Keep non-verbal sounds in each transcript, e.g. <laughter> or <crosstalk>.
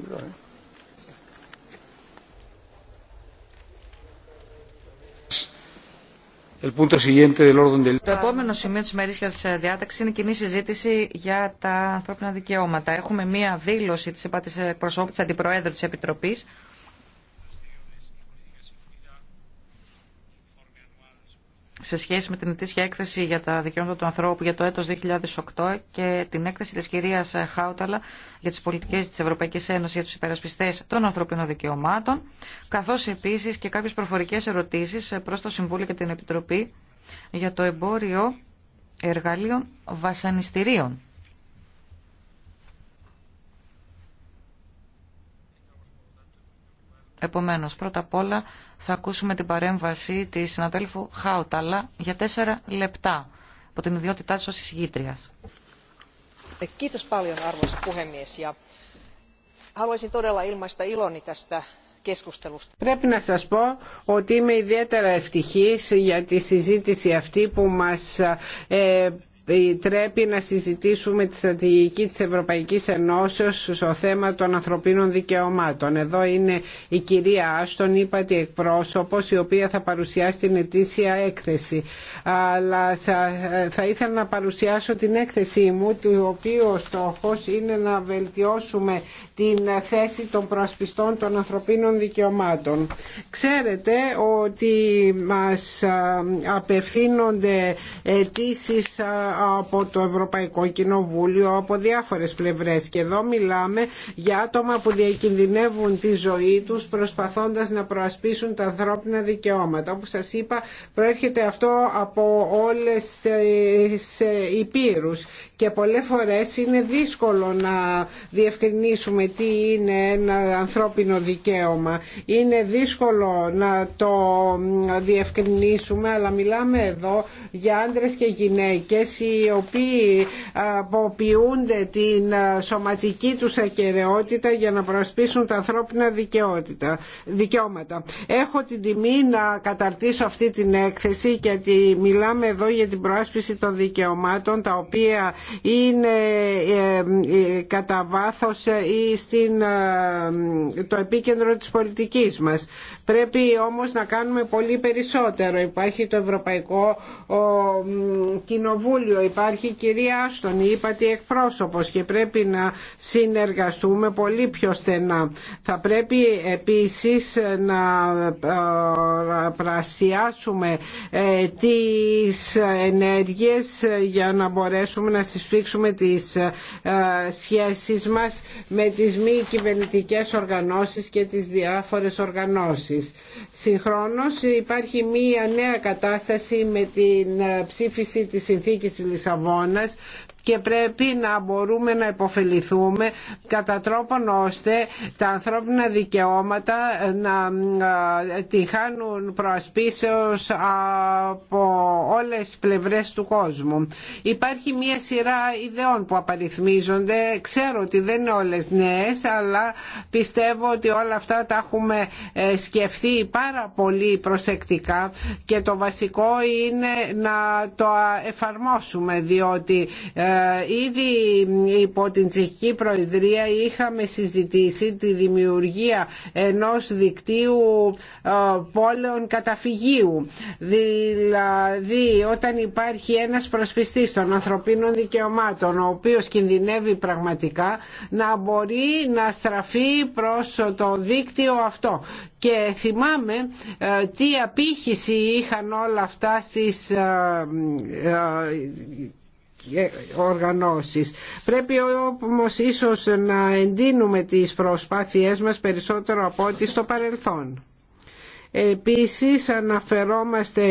Ε. Το επόμενο σημείο της μερίσιας διάταξης είναι κοινή συζήτηση για τα ανθρώπινα δικαιώματα. Έχουμε μία δήλωση της εκπροσώπου της Αντιπροέδρου της Επιτροπής σε σχέση με την ετήσια έκθεση για τα δικαιώματα του ανθρώπου για το έτος 2008 και την έκθεση της κυρίας Χάουταλα για τις πολιτικές της Ευρωπαϊκής Ένωσης για τους υπερασπιστές των ανθρωπίνων δικαιωμάτων, καθώς επίσης και κάποιες προφορικές ερωτήσεις προς το Συμβούλιο και την Επιτροπή για το εμπόριο εργαλείων βασανιστήριων. Επομένως, πρώτα απ' όλα θα ακούσουμε την παρέμβαση της συναδέλφου Χάουταλα για τέσσερα λεπτά από την ιδιότητά της ως εισηγήτριας. Πρέπει να σας πω ότι είμαι ιδιαίτερα ευτυχής για τη συζήτηση αυτή που μας ε, Τρέπει να συζητήσουμε τη στρατηγική της Ευρωπαϊκής Ενώσεως στο θέμα των ανθρωπίνων δικαιωμάτων. Εδώ είναι η κυρία Άστον, είπατε εκπρόσωπος, η οποία θα παρουσιάσει την ετήσια έκθεση. Αλλά θα ήθελα να παρουσιάσω την έκθεση μου, του οποίου ο στόχος είναι να βελτιώσουμε την θέση των προασπιστών των ανθρωπίνων δικαιωμάτων. Ξέρετε ότι μας απευθύνονται αιτήσει από το Ευρωπαϊκό Κοινοβούλιο από διάφορες πλευρές και εδώ μιλάμε για άτομα που διακινδυνεύουν τη ζωή τους προσπαθώντας να προασπίσουν τα ανθρώπινα δικαιώματα. Όπως σας είπα προέρχεται αυτό από όλες τις ε, υπήρους και πολλές φορές είναι δύσκολο να διευκρινίσουμε τι είναι ένα ανθρώπινο δικαίωμα. Είναι δύσκολο να το διευκρινίσουμε, αλλά μιλάμε εδώ για άντρες και γυναίκες οι οποίοι αποποιούνται την σωματική τους ακαιρεότητα για να προσπίσουν τα ανθρώπινα δικαιώματα. Έχω την τιμή να καταρτήσω αυτή την έκθεση γιατί μιλάμε εδώ για την προάσπιση των δικαιωμάτων τα οποία είναι ε, ε, κατά ή στην, το επίκεντρο της πολιτικής μας. Πρέπει όμως να κάνουμε πολύ περισσότερο. Υπάρχει το Ευρωπαϊκό Κοινοβούλιο, υπάρχει η κυρία Άστον, η ύπατη εκπρόσωπος και πρέπει να συνεργαστούμε πολύ πιο στενά. Θα πρέπει επίσης να πρασιάσουμε ε, τις ενέργειες για να μπορέσουμε να συσφίξουμε τις ε, σχέσεις μας με τις μη κυβερνητικές οργανώσεις και τις διάφορες οργανώσεις. Συγχρόνως υπάρχει μία νέα κατάσταση με την ε, ψήφιση της συνθήκης της Λισαβόνας και πρέπει να μπορούμε να υποφεληθούμε κατά τρόπον ώστε τα ανθρώπινα δικαιώματα να τη χάνουν προασπίσεως από όλες τις πλευρές του κόσμου. Υπάρχει μια σειρά ιδεών που απαριθμίζονται. Ξέρω ότι δεν είναι όλες νέες, αλλά πιστεύω ότι όλα αυτά τα έχουμε ε, σκεφτεί πάρα πολύ προσεκτικά και το βασικό είναι να το εφαρμόσουμε διότι ε, ε, ήδη υπό την Τσεχική Προεδρία είχαμε συζητήσει τη δημιουργία ενός δικτύου ε, πόλεων καταφυγίου. Δηλαδή όταν υπάρχει ένας προσπιστής των ανθρωπίνων δικαιωμάτων ο οποίος κινδυνεύει πραγματικά να μπορεί να στραφεί προς το δίκτυο αυτό. Και θυμάμαι ε, τι απήχηση είχαν όλα αυτά στις οργανώσεις. Πρέπει όμως ίσως να εντείνουμε τις προσπάθειές μας περισσότερο από ό,τι στο παρελθόν. Επίσης αναφερόμαστε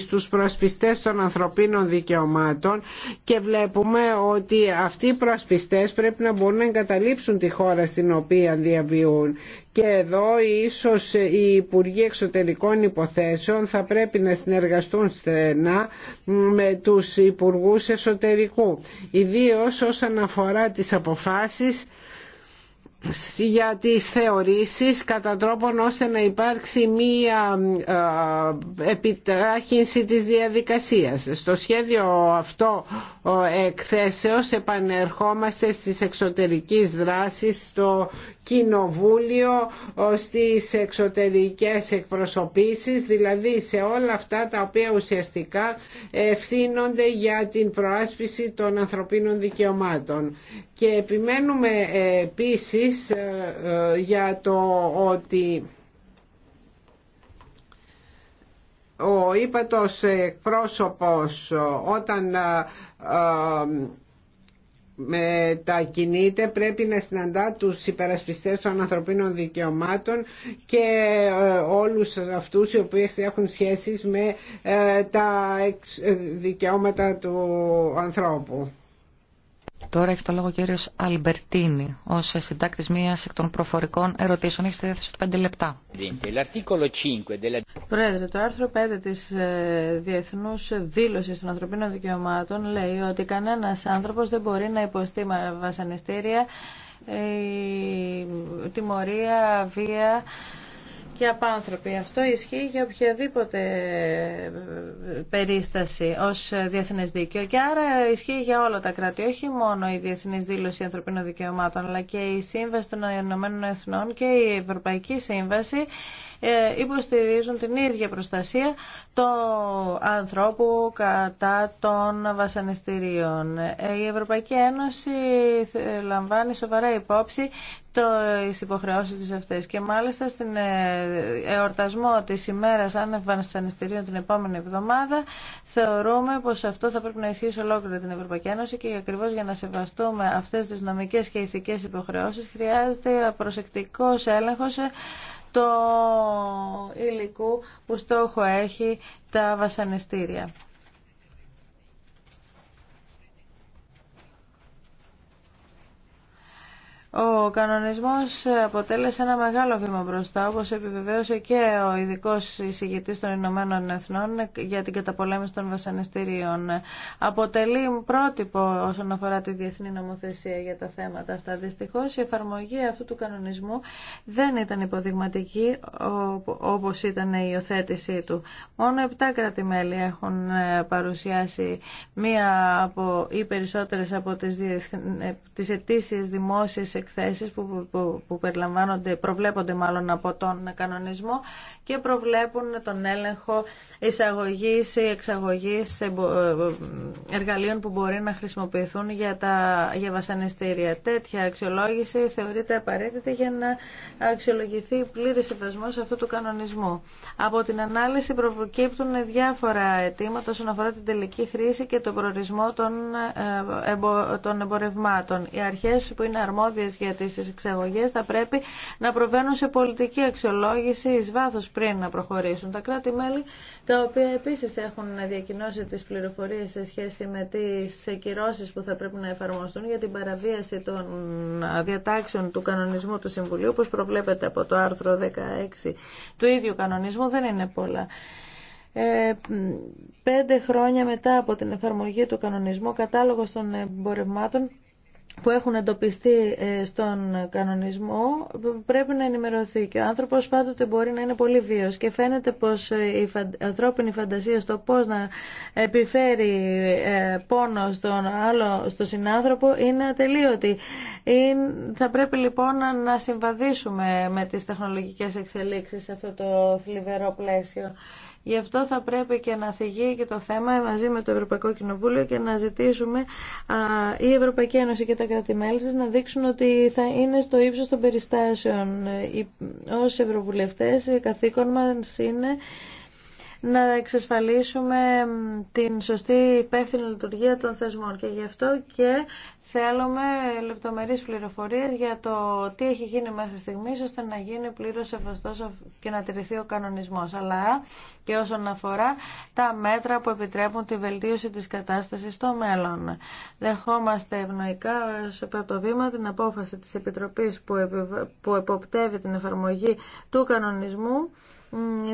στους προσπιστές των ανθρωπίνων δικαιωμάτων και βλέπουμε ότι αυτοί οι προσπιστές πρέπει να μπορούν να εγκαταλείψουν τη χώρα στην οποία διαβιούν και εδώ ίσως οι Υπουργοί Εξωτερικών Υποθέσεων θα πρέπει να συνεργαστούν στενά με τους Υπουργούς Εσωτερικού ιδίως όσον αφορά τις αποφάσεις για τις θεωρήσεις κατά τρόπον ώστε να υπάρξει μία ε, επιτάχυνση της διαδικασίας. Στο σχέδιο αυτό εκθέσεως επανερχόμαστε στις εξωτερικές δράσεις στο κοινοβούλιο στις εξωτερικές εκπροσωπήσεις, δηλαδή σε όλα αυτά τα οποία ουσιαστικά ευθύνονται για την προάσπιση των ανθρωπίνων δικαιωμάτων. Και επιμένουμε ε, επίσης ε, ε, για το ότι ο ύπατος εκπρόσωπος όταν μετακινείται πρέπει να συναντά τους υπερασπιστές των ανθρωπίνων δικαιωμάτων και ε, όλους αυτούς οι οποίες έχουν σχέσεις με ε, τα ε, δικαιώματα του ανθρώπου. Τώρα έχει το λόγο ο κύριος Αλμπερτίνη ως συντάκτης μίας εκ των προφορικών ερωτήσεων. Έχει στη διάθεση του 5 λεπτά. Πρόεδρε, το άρθρο 5 της ε, Διεθνούς Δήλωσης των Ανθρωπίνων Δικαιωμάτων λέει ότι κανένας άνθρωπος δεν μπορεί να υποστεί βασανιστήρια, ε, τιμωρία, βία, και απάνθρωποι. Αυτό ισχύει για οποιαδήποτε ε, περίσταση ως διεθνές δίκαιο και άρα ισχύει για όλα τα κράτη, όχι μόνο η Διεθνής Δήλωση Ανθρωπίνων Δικαιωμάτων αλλά και η Σύμβαση των Ηνωμένων Εθνών και η Ευρωπαϊκή Σύμβαση ε, υποστηρίζουν την ίδια προστασία του ανθρώπου κατά των βασανιστήριων. Ε, η Ευρωπαϊκή Ένωση ε, λαμβάνει σοβαρά υπόψη τι υποχρεώσει τη αυτέ. και μάλιστα στην εορτασμό της ημέρας ανεβάσανιστήριων την επόμενη εβδομάδα θεωρούμε πως αυτό θα πρέπει να ισχύει σε ολόκληρη την Ευρωπαϊκή Ένωση και ακριβώ για να σεβαστούμε αυτέ τι νομικέ και ηθικές υποχρεώσει. χρειάζεται προσεκτικός έλεγχο το υλικό που στόχο έχει τα βασανιστήρια. Ο κανονισμός αποτέλεσε ένα μεγάλο βήμα μπροστά, όπως επιβεβαίωσε και ο ειδικό εισηγητής των Ηνωμένων Εθνών για την καταπολέμηση των βασανιστήριων. Αποτελεί πρότυπο όσον αφορά τη διεθνή νομοθεσία για τα θέματα αυτά. Δυστυχώς η εφαρμογή αυτού του κανονισμού δεν ήταν υποδειγματική όπως ήταν η υιοθέτησή του. Μόνο επτα κράτη-μέλη έχουν ε, παρουσιάσει μία από ή περισσότερες από τις, διεθν... Ε, τις αιτήσεις εκθέσεις που, που, που περιλαμβάνονται, προβλέπονται μάλλον από τον κανονισμό και προβλέπουν τον έλεγχο εισαγωγής ή εξαγωγής ε, εργαλείων που μπορεί να χρησιμοποιηθούν για, τα, για βασανιστήρια. Τέτοια αξιολόγηση θεωρείται απαραίτητη για να αξιολογηθεί πλήρη σεβασμός αυτού του κανονισμού. Από την ανάλυση προκύπτουν διάφορα αιτήματα όσον αφορά την τελική χρήση και τον προορισμό των, ε, εμπορευμάτων. Οι αρχές που είναι αρμόδιες για τις εξαγωγές θα πρέπει να προβαίνουν σε πολιτική αξιολόγηση εις βάθος πριν να προχωρήσουν. Τα κράτη-μέλη τα οποία επίσης έχουν διακοινώσει τις πληροφορίες σε σχέση με τις κυρώσεις που θα πρέπει να εφαρμοστούν για την παραβίαση των διατάξεων του κανονισμού του Συμβουλίου, όπως προβλέπεται από το άρθρο 16 του ίδιου κανονισμού, δεν είναι πολλά. Ε, πέντε χρόνια μετά από την εφαρμογή του κανονισμού, κατάλογος των εμπορευμάτων που έχουν εντοπιστεί ε, στον κανονισμό πρέπει να ενημερωθεί και ο άνθρωπος πάντοτε μπορεί να είναι πολύ βίος και φαίνεται πως ε, η ανθρώπινη φαντασία στο πώς να επιφέρει ε, πόνο στον άλλο, στο συνάνθρωπο είναι ατελείωτη. Θα πρέπει λοιπόν να συμβαδίσουμε με τις τεχνολογικές εξελίξεις σε αυτό το θλιβερό πλαίσιο. Γι' αυτό θα πρέπει και να θυγεί και το θέμα μαζί με το Ευρωπαϊκό Κοινοβούλιο και να ζητήσουμε η Ευρωπαϊκή Ένωση και τα κράτη-μέλη να δείξουν ότι θα είναι στο ύψος των περιστάσεων. Ως Ευρωβουλευτές, καθήκον μας είναι να εξασφαλίσουμε την σωστή υπεύθυνη λειτουργία των θεσμών και γι' αυτό και θέλουμε λεπτομερείς πληροφορίες για το τι έχει γίνει μέχρι στιγμής ώστε να γίνει πλήρως σεβαστός και να τηρηθεί ο κανονισμός αλλά και όσον αφορά τα μέτρα που επιτρέπουν τη βελτίωση της κατάστασης στο μέλλον. Δεχόμαστε ευνοϊκά σε πρώτο βήμα την απόφαση της Επιτροπής που εποπτεύει την εφαρμογή του κανονισμού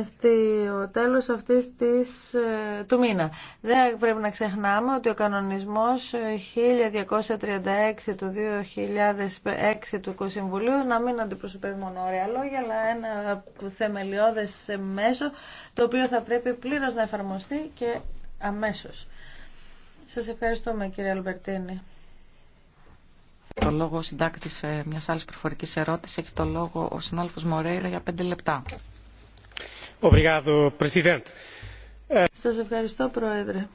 στο τέλος αυτής της, ε, του μήνα. Δεν πρέπει να ξεχνάμε ότι ο κανονισμός 1236 ε, του 2006 του Κοσυμβουλίου να μην αντιπροσωπεύει μόνο ωραία λόγια, αλλά ένα θεμελιώδες μέσο το οποίο θα πρέπει πλήρως να εφαρμοστεί και αμέσως. Σας ευχαριστούμε κύριε Αλμπερτίνη. Το λόγο συντάκτη ε, μια άλλη προφορική ερώτηση έχει το λόγο ο συνάδελφο Μορέιρα για πέντε λεπτά. Σας ευχαριστώ, Πρόεδρε.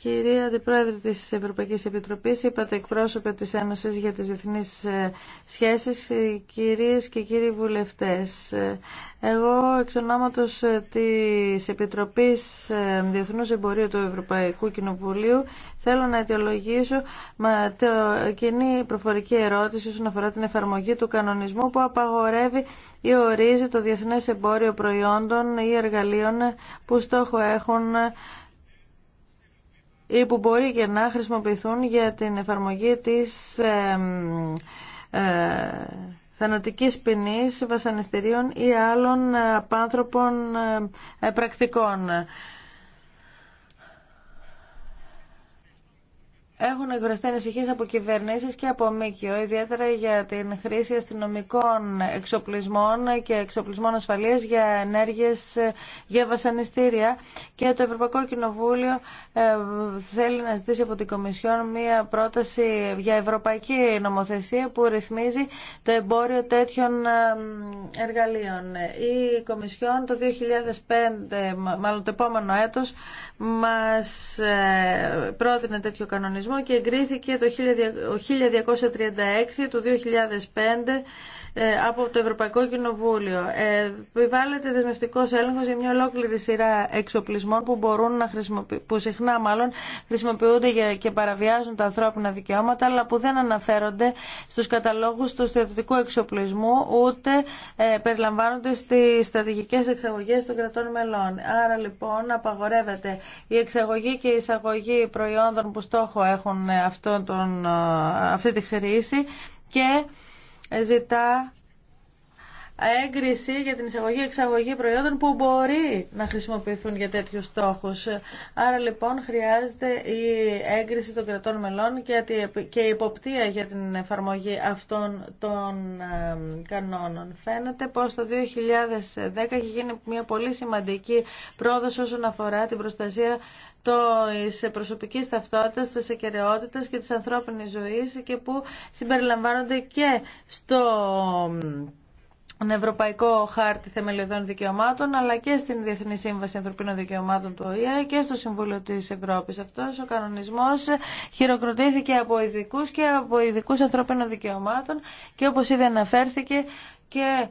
Κυρία Αντιπρόεδρε τη Ευρωπαϊκή Επιτροπή, είπατε εκπρόσωπε τη Ένωση για τι Διεθνεί ε, Σχέσει, ε, κυρίε και κύριοι βουλευτές. Ε, εγώ, εξ ονόματο της Επιτροπής Διεθνού Εμπορίου του Ευρωπαϊκού Κοινοβουλίου, θέλω να αιτιολογήσω με κοινή προφορική ερώτηση όσον αφορά την εφαρμογή του κανονισμού που απαγορεύει ή ορίζει το διεθνέ εμπόριο προϊόντων ή εργαλείων που στόχο έχουν ή που μπορεί και να χρησιμοποιηθούν για την εφαρμογή της ε, ε, θανατικής ποινής, βασανιστήριων ή άλλων ε, απάνθρωπων ε, πρακτικών. έχουν εκφραστεί ανησυχίε από κυβερνήσει και από ΜΚΟ, ιδιαίτερα για την χρήση αστυνομικών εξοπλισμών και εξοπλισμών ασφαλείας για ενέργειε για βασανιστήρια. Και το Ευρωπαϊκό Κοινοβούλιο ε, θέλει να ζητήσει από την Κομισιόν μία πρόταση για ευρωπαϊκή νομοθεσία που ρυθμίζει το εμπόριο τέτοιων ε, εργαλείων. Η Κομισιόν το 2005, μάλλον το επόμενο έτος, μας ε, πρότεινε τέτοιο κανονισμό και εγκρίθηκε το 1236 το 2005 ε, από το Ευρωπαϊκό Κοινοβούλιο. Ε, επιβάλλεται δεσμευτικό έλεγχο για μια ολόκληρη σειρά εξοπλισμών που, μπορούν να χρησιμοποιη... που συχνά μάλλον χρησιμοποιούνται και παραβιάζουν τα ανθρώπινα δικαιώματα, αλλά που δεν αναφέρονται στου καταλόγου του στρατιωτικού εξοπλισμού, ούτε ε, περιλαμβάνονται στι στρατηγικέ εξαγωγέ των κρατών μελών. Άρα λοιπόν απαγορεύεται η εξαγωγή και η εισαγωγή προϊόντων που στόχο έχουν τον, αυτή τη χρήση και ζητά έγκριση για την εισαγωγή-εξαγωγή προϊόντων που μπορεί να χρησιμοποιηθούν για τέτοιους στόχους. Άρα λοιπόν χρειάζεται η έγκριση των κρατών μελών και η υποπτία για την εφαρμογή αυτών των κανόνων. Φαίνεται πως το 2010 έχει γίνει μια πολύ σημαντική πρόοδος όσον αφορά την προστασία Τη προσωπική ταυτότητας, της εκαιρεότητας και της ανθρώπινης ζωής και που συμπεριλαμβάνονται και στο Ευρωπαϊκό Χάρτη Θεμελιωδών Δικαιωμάτων αλλά και στην Διεθνή Σύμβαση Ανθρωπίνων Δικαιωμάτων του ΟΗΕ και στο Συμβούλιο τη Ευρώπη. Αυτό ο κανονισμό χειροκροτήθηκε από ειδικού και από ειδικού ανθρωπίνων δικαιωμάτων και όπω ήδη αναφέρθηκε και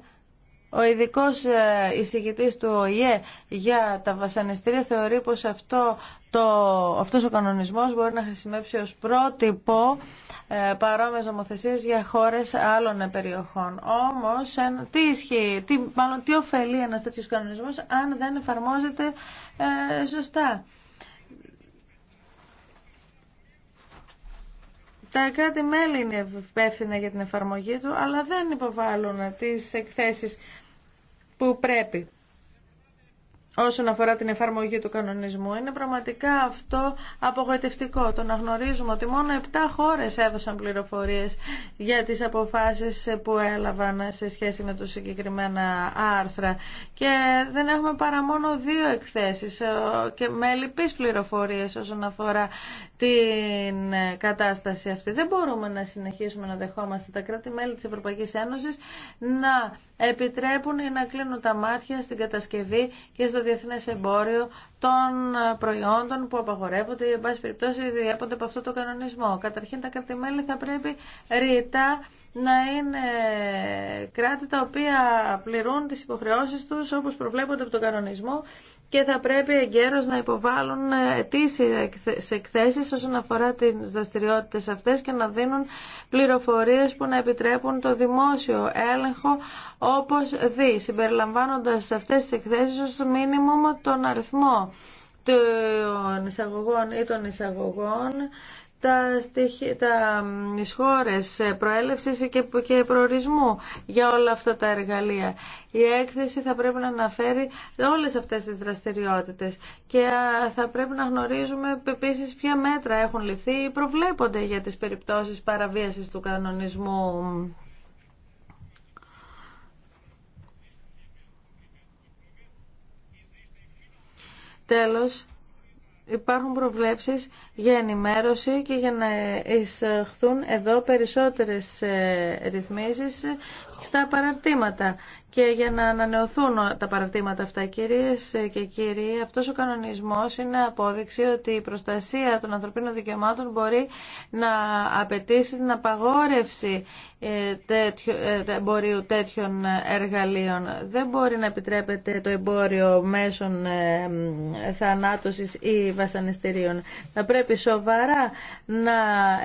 ο ειδικό ε, εισηγητή του ΟΗΕ για τα βασανιστήρια θεωρεί πως αυτό το, αυτός ο κανονισμός μπορεί να χρησιμεύσει ως πρότυπο ε, παρόμοιες για χώρες άλλων περιοχών. Όμως, τι ισχύει, τι, μάλλον τι ωφελεί ένας τέτοιος κανονισμός αν δεν εφαρμόζεται ε, σωστά. Τα κράτη-μέλη είναι υπεύθυνα για την εφαρμογή του, αλλά δεν υποβάλλουν τις εκθέσεις που πρέπει όσον αφορά την εφαρμογή του κανονισμού. Είναι πραγματικά αυτό απογοητευτικό. Το να γνωρίζουμε ότι μόνο 7 χώρες έδωσαν πληροφορίες για τις αποφάσεις που έλαβαν σε σχέση με τους συγκεκριμένα άρθρα. Και δεν έχουμε παρά μόνο δύο εκθέσεις ε, και με ελλειπείς πληροφορίες όσον αφορά την ε, κατάσταση αυτή. Δεν μπορούμε να συνεχίσουμε να δεχόμαστε τα κράτη-μέλη της Ευρωπαϊκής Ένωσης να επιτρέπουν να κλείνουν τα μάτια στην κατασκευή και στο διεθνές εμπόριο των προϊόντων που απαγορεύονται ή, εν πάση περιπτώσει, διέπονται από αυτό το κανονισμό. Καταρχήν, τα κρατημέλη θα πρέπει ρητά να είναι κράτη τα οποία πληρούν τις υποχρεώσεις τους όπως προβλέπονται από τον κανονισμό και θα πρέπει εγκαίρως να υποβάλουν ε, αιτήσεις εκθέσεις όσον αφορά τις δραστηριότητε αυτές και να δίνουν πληροφορίες που να επιτρέπουν το δημόσιο έλεγχο όπως δει, συμπεριλαμβάνοντας αυτές τις εκθέσεις ως μήνυμο τον αριθμό των εισαγωγών ή των εισαγωγών τα, στοιχεία, τα χώρες προέλευσης και, και προορισμού για όλα αυτά τα εργαλεία. Η έκθεση θα πρέπει να αναφέρει όλες αυτές τις δραστηριότητες και θα πρέπει να γνωρίζουμε επίσης ποια μέτρα έχουν ληφθεί ή προβλέπονται για τις περιπτώσεις παραβίασης του κανονισμού. Τέλος, υπάρχουν προβλέψεις για ενημέρωση και για να εισαχθούν εδώ περισσότερες ε, ρυθμίσεις στα παραρτήματα και για να ανανεωθούν τα παραρτήματα αυτά. Κυρίες και κύριοι, αυτός ο κανονισμός είναι απόδειξη ότι η προστασία των ανθρωπίνων δικαιωμάτων μπορεί να απαιτήσει την απαγόρευση ε, ε, εμπορίου τέτοιων εργαλείων. Δεν μπορεί να επιτρέπεται το εμπόριο μέσων ε, θανάτωσης ή βασανιστήριων. Θα πρέπει σοβαρά να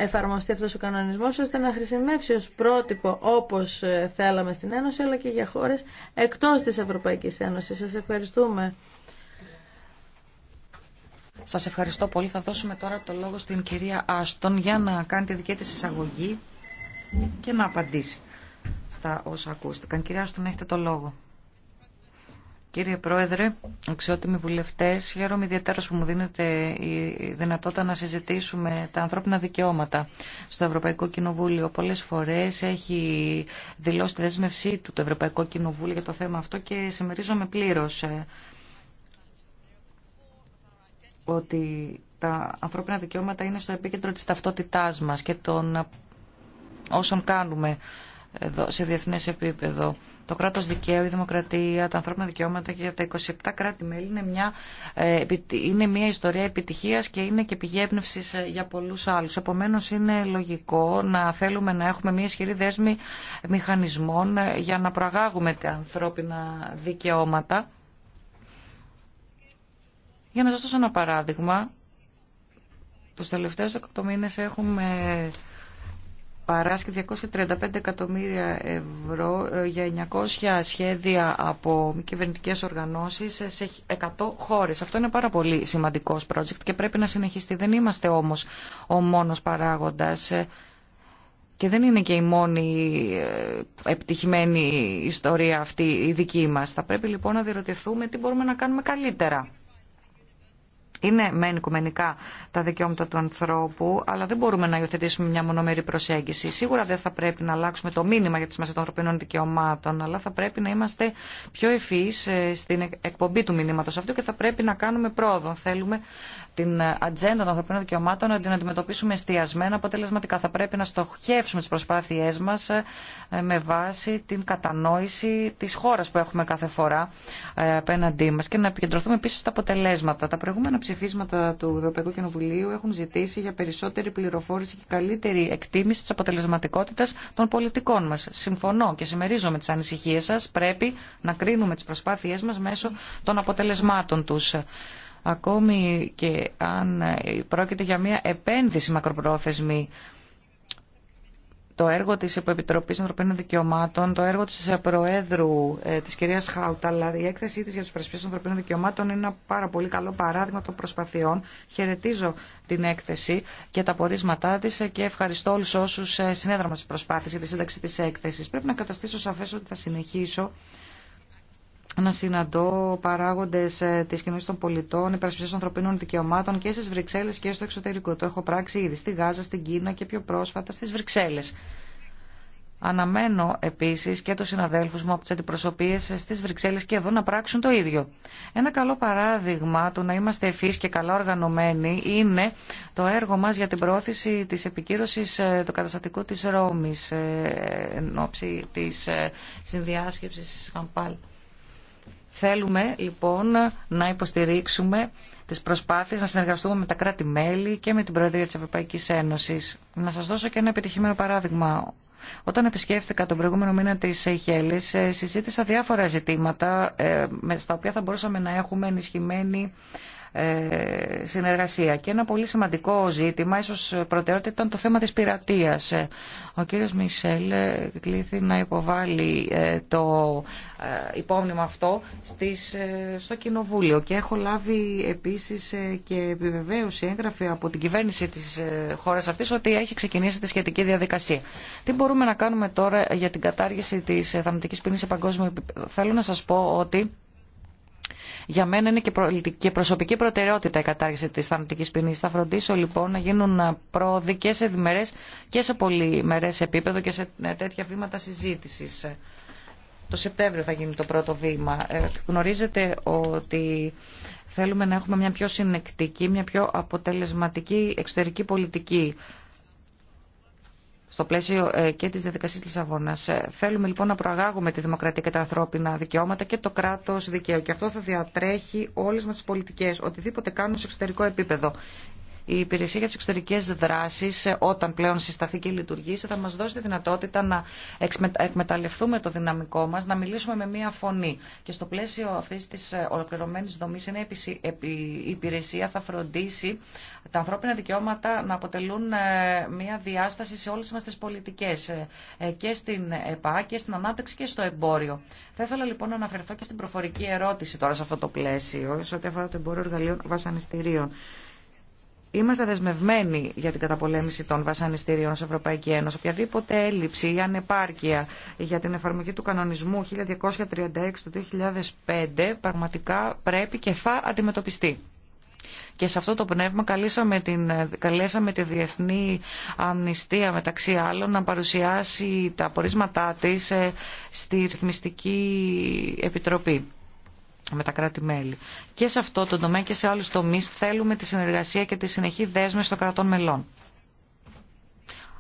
εφαρμοστεί αυτός ο κανονισμός ώστε να χρησιμεύσει ως πρότυπο όπως θέλαμε στην Ένωση, αλλά και για χώρες εκτός της Ευρωπαϊκής Ένωσης. Σας ευχαριστούμε. Σας ευχαριστώ πολύ. Θα δώσουμε τώρα το λόγο στην κυρία Άστον για να κάνει τη δική τη εισαγωγή και να απαντήσει στα όσα ακούστηκαν. Κυρία Άστον, έχετε το λόγο. Κύριε Πρόεδρε, αξιότιμοι βουλευτέ, χαίρομαι ιδιαίτερα που μου δίνετε η δυνατότητα να συζητήσουμε τα ανθρώπινα δικαιώματα στο Ευρωπαϊκό Κοινοβούλιο. Πολλέ φορέ έχει δηλώσει τη δέσμευσή του το Ευρωπαϊκό Κοινοβούλιο για το θέμα αυτό και συμμερίζομαι πλήρω ε, ότι τα ανθρώπινα δικαιώματα είναι στο επίκεντρο της ταυτότητάς μας και των ε, όσων κάνουμε εδώ, σε διεθνές επίπεδο το κράτος δικαίου, η δημοκρατία, τα ανθρώπινα δικαιώματα και για τα 27 κράτη-μέλη είναι μια, ε, είναι μια ιστορία επιτυχίας και είναι και πηγή έμπνευση ε, για πολλούς άλλους. Επομένως είναι λογικό να θέλουμε να έχουμε μια ισχυρή δέσμη μηχανισμών ε, για να προαγάγουμε τα ανθρώπινα δικαιώματα. Για να σας δώσω ένα παράδειγμα, τους τελευταίους 18 μήνες έχουμε παράσχει 235 εκατομμύρια ευρώ ε, για 900 σχέδια από μη κυβερνητικέ οργανώσεις σε 100 χώρες. Αυτό είναι πάρα πολύ σημαντικός project και πρέπει να συνεχιστεί. Δεν είμαστε όμως ο μόνος παράγοντας ε, και δεν είναι και η μόνη ε, επιτυχημένη ιστορία αυτή η δική μας. Θα πρέπει λοιπόν να διερωτηθούμε τι μπορούμε να κάνουμε καλύτερα. Είναι μεν οικουμενικά τα δικαιώματα του ανθρώπου, αλλά δεν μπορούμε να υιοθετήσουμε μια μονομερή προσέγγιση. Σίγουρα δεν θα πρέπει να αλλάξουμε το μήνυμα για τη σημασία των ανθρωπίνων δικαιωμάτων, αλλά θα πρέπει να είμαστε πιο ευφυεί ε, στην εκπομπή του μηνύματο αυτού και θα πρέπει να κάνουμε πρόοδο. Θέλουμε την ατζέντα των ανθρωπίνων δικαιωμάτων να την αντιμετωπίσουμε εστιασμένα αποτελεσματικά. Θα πρέπει να στοχεύσουμε τι προσπάθειέ μα ε, με βάση την κατανόηση τη χώρα που έχουμε κάθε φορά ε, απέναντί μα και να επικεντρωθούμε επίση στα αποτελέσματα. Τα προηγούμενα ψηφίσματα του Ευρωπαϊκού Κοινοβουλίου έχουν ζητήσει για περισσότερη πληροφόρηση και καλύτερη εκτίμηση τη αποτελεσματικότητα των πολιτικών μα. Συμφωνώ και συμμερίζομαι τι ανησυχίε σα. Πρέπει να κρίνουμε τι προσπάθειέ μα μέσω των αποτελεσμάτων του ακόμη και αν πρόκειται για μια επένδυση μακροπρόθεσμη το έργο της Επιτροπής Ανθρωπίνων Δικαιωμάτων, το έργο της Προέδρου ε, της κυρίας Χάουταλα, δηλαδή η έκθεσή της για τους των Ανθρωπίνων Δικαιωμάτων είναι ένα πάρα πολύ καλό παράδειγμα των προσπαθειών. Χαιρετίζω την έκθεση και τα πορίσματά της και ευχαριστώ όλους όσους ε, συνέδραμα στις προσπάθειες για τη σύνταξη της έκθεσης. Πρέπει να καταστήσω σαφές ότι θα συνεχίσω να συναντώ παράγοντε ε, τη κοινωνία των πολιτών, υπερασπιστέ των ανθρωπίνων δικαιωμάτων και στι Βρυξέλλε και στο εξωτερικό. Το έχω πράξει ήδη στη Γάζα, στην Κίνα και πιο πρόσφατα στι Βρυξέλλε. Αναμένω επίση και του συναδέλφου μου από τι αντιπροσωπείε στι Βρυξέλλε και εδώ να πράξουν το ίδιο. Ένα καλό παράδειγμα του να είμαστε ευφύ και καλά οργανωμένοι είναι το έργο μα για την πρόθεση τη επικύρωση ε, του καταστατικού τη Ρώμη ε, εν ώψη τη συνδιάσκεψη Χαμπάλ. Θέλουμε λοιπόν να υποστηρίξουμε τις προσπάθειες να συνεργαστούμε με τα κράτη-μέλη και με την Προεδρία τη Ευρωπαϊκή Ένωση. Να σα δώσω και ένα επιτυχημένο παράδειγμα. Όταν επισκέφθηκα τον προηγούμενο μήνα τη Χέλη, ε, συζήτησα διάφορα ζητήματα ε, στα οποία θα μπορούσαμε να έχουμε ενισχυμένη ε, συνεργασία. Και ένα πολύ σημαντικό ζήτημα, ίσως προτεραιότητα, ήταν το θέμα της πειρατείας. Ε, ο κύριος Μισελ ε, κλήθη να υποβάλει το υπόμνημα αυτό στις, στο Κοινοβούλιο και έχω λάβει επίσης και επιβεβαίωση έγγραφη από την κυβέρνηση της χώρας αυτής ότι έχει ξεκινήσει τη σχετική διαδικασία. Τι μπορούμε να κάνουμε τώρα για την κατάργηση της θανατικής ποινής σε παγκόσμιο επίπεδο. Θέλω να σας πω ότι για μένα είναι και προσωπική προτεραιότητα η κατάργηση τη θανατική ποινή. Θα φροντίσω λοιπόν να γίνουν ε, πρόοδοι και σε διμερέ και σε πολυμερέ επίπεδο και σε ε, τέτοια βήματα συζήτηση. Το Σεπτέμβριο θα γίνει το πρώτο βήμα. Ε, γνωρίζετε ότι θέλουμε να έχουμε μια πιο συνεκτική, μια πιο αποτελεσματική εξωτερική πολιτική στο πλαίσιο ε, και της διαδικασίας Λισαβόνας. Ε, θέλουμε λοιπόν να προαγάγουμε τη δημοκρατία και τα ανθρώπινα δικαιώματα και το κράτος δικαίου. Και αυτό θα διατρέχει όλες μας τι πολιτικές, οτιδήποτε κάνουμε σε εξωτερικό επίπεδο η Υπηρεσία για τι εξωτερικέ δράσει ε, όταν πλέον συσταθεί και λειτουργήσει, θα μα δώσει τη δυνατότητα να εκμεταλλευτούμε το δυναμικό μα, να μιλήσουμε με μία φωνή. Και στο πλαίσιο αυτής της ε, ολοκληρωμένης δομή, η υπηρεσία θα φροντίσει τα ανθρώπινα δικαιώματα να αποτελούν ε, μία διάσταση σε όλε μα τι πολιτικέ και στην ΕΠΑ και στην ανάπτυξη και στο εμπόριο. Θα ήθελα λοιπόν να αναφερθώ και στην προφορική ερώτηση τώρα σε αυτό το πλαίσιο, σε ό,τι αφορά το εμπόριο εργαλείων βασανιστήριων. Είμαστε δεσμευμένοι για την καταπολέμηση των βασανιστήριων σε Ευρωπαϊκή Ένωση. Οποιαδήποτε έλλειψη ή ανεπάρκεια για την εφαρμογή του κανονισμού 1236 του 2005 πραγματικά πρέπει και θα αντιμετωπιστεί. Και σε αυτό το πνεύμα καλέσαμε, την, καλέσαμε τη Διεθνή Αμνηστία μεταξύ άλλων να παρουσιάσει τα απορίσματά της ε, στη Ρυθμιστική Επιτροπή με τα κράτη-μέλη. Και σε αυτό το τομέα και σε άλλους τομείς θέλουμε τη συνεργασία και τη συνεχή δέσμευση των κρατών μελών.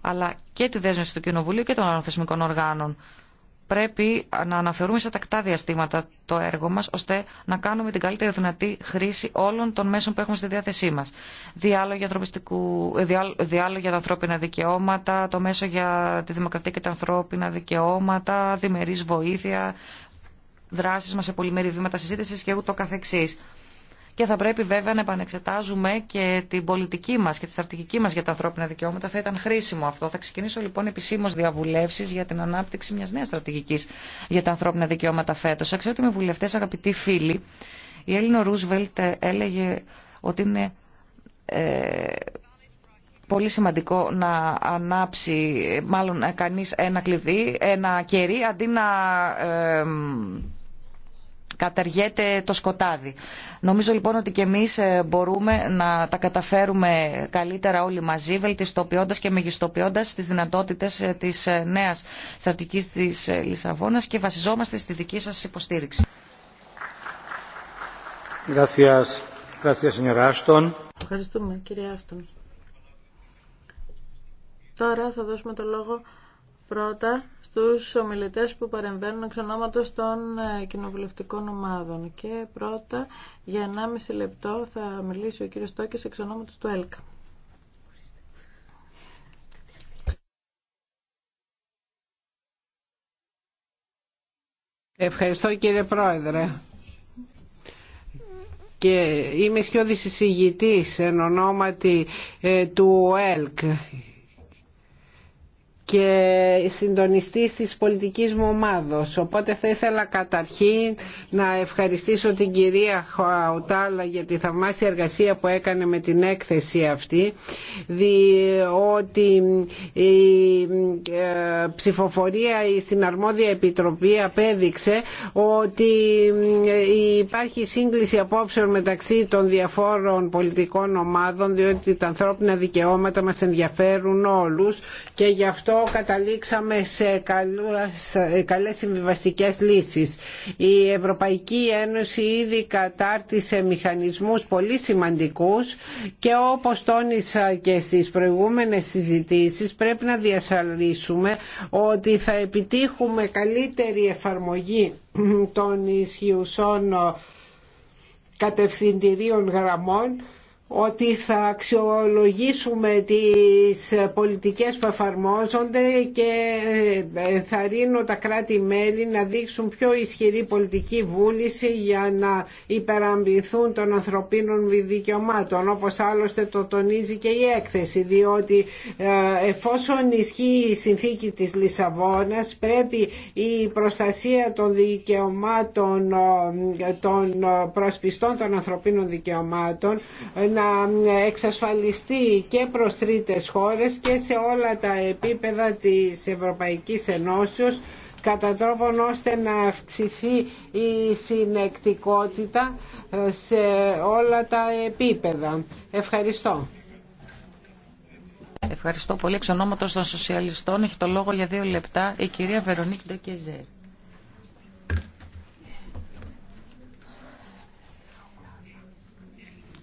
Αλλά και τη δέσμευση του Κοινοβουλίου και των άλλων οργάνων. Πρέπει να αναφερούμε σε τακτά διαστήματα το έργο μας, ώστε να κάνουμε την καλύτερη δυνατή χρήση όλων των μέσων που έχουμε στη διάθεσή μας. Διάλογο για, τα ανθρώπινα δικαιώματα, το μέσο για τη δημοκρατία και τα ανθρώπινα δικαιώματα, διμερείς βοήθεια, δράσεις μας σε πολυμερή βήματα συζήτηση και ούτω καθεξής. Και θα πρέπει βέβαια να επανεξετάζουμε και την πολιτική μας και τη στρατηγική μας για τα ανθρώπινα δικαιώματα. Θα ήταν χρήσιμο αυτό. Θα ξεκινήσω λοιπόν επισήμω διαβουλεύσεις για την ανάπτυξη μια νέα στρατηγική για τα ανθρώπινα δικαιώματα φέτο. Αξιότιμοι βουλευτέ, αγαπητοί φίλοι, η Έλληνο Ρούσβελτ έλεγε ότι είναι ε, πολύ σημαντικό να ανάψει μάλλον ε, κανείς ένα κλειδί, ένα κερί, αντί να ε, το σκοτάδι. Νομίζω λοιπόν ότι και εμείς ε, μπορούμε να τα καταφέρουμε καλύτερα όλοι μαζί, βελτιστοποιώντας και μεγιστοποιώντας τις δυνατότητες ε, της νέας στρατικής της Λισαβόνας και βασιζόμαστε στη δική σας υποστήριξη. Gracias. Gracias, señora Τώρα θα δώσουμε το λόγο πρώτα στους ομιλητές που παρεμβαίνουν εξ ονόματος των ε, κοινοβουλευτικών ομάδων. Και πρώτα για 1,5 λεπτό θα μιλήσει ο κύριος Τόκης εξ ονόματος του Έλκα. Ευχαριστώ κύριε Πρόεδρε και είμαι σχεδόν εισηγητής εν ονόματι ε, του ΕΛΚ και συντονιστής της πολιτικής μου ομάδος. Οπότε θα ήθελα καταρχήν να ευχαριστήσω την κυρία Χαουτάλα για τη θαυμάσια εργασία που έκανε με την έκθεση αυτή, διότι η ε, ψηφοφορία στην αρμόδια επιτροπή απέδειξε ότι ε, υπάρχει σύγκληση απόψεων μεταξύ των διαφόρων πολιτικών ομάδων, διότι τα ανθρώπινα δικαιώματα μας ενδιαφέρουν όλους και γι' αυτό καταλήξαμε σε καλές συμβιβαστικές λύσεις. Η Ευρωπαϊκή Ένωση ήδη κατάρτισε μηχανισμούς πολύ σημαντικούς και όπως τόνισα και στις προηγούμενες συζητήσεις πρέπει να διασφαλίσουμε ότι θα επιτύχουμε καλύτερη εφαρμογή των ισχυουσών κατευθυντηρίων γραμμών ότι θα αξιολογήσουμε τις πολιτικές που εφαρμόζονται και ε, ε, θα ρίνω τα κράτη-μέλη να δείξουν πιο ισχυρή πολιτική βούληση για να υπεραμπηθούν των ανθρωπίνων δικαιωμάτων όπως άλλωστε το τονίζει και η έκθεση διότι ε, εφόσον ισχύει η συνθήκη της Λισαβόνας πρέπει η προστασία των δικαιωμάτων των προσπιστών των ανθρωπίνων δικαιωμάτων να εξασφαλιστεί και προς τρίτες χώρες και σε όλα τα επίπεδα της Ευρωπαϊκής Ενώσεως κατά τρόπον ώστε να αυξηθεί η συνεκτικότητα ε, σε όλα τα επίπεδα. Ευχαριστώ. Ευχαριστώ πολύ. Εξ ονόματος των Σοσιαλιστών έχει το λόγο για δύο λεπτά η κυρία Βερονίκη Ντοκεζέρ.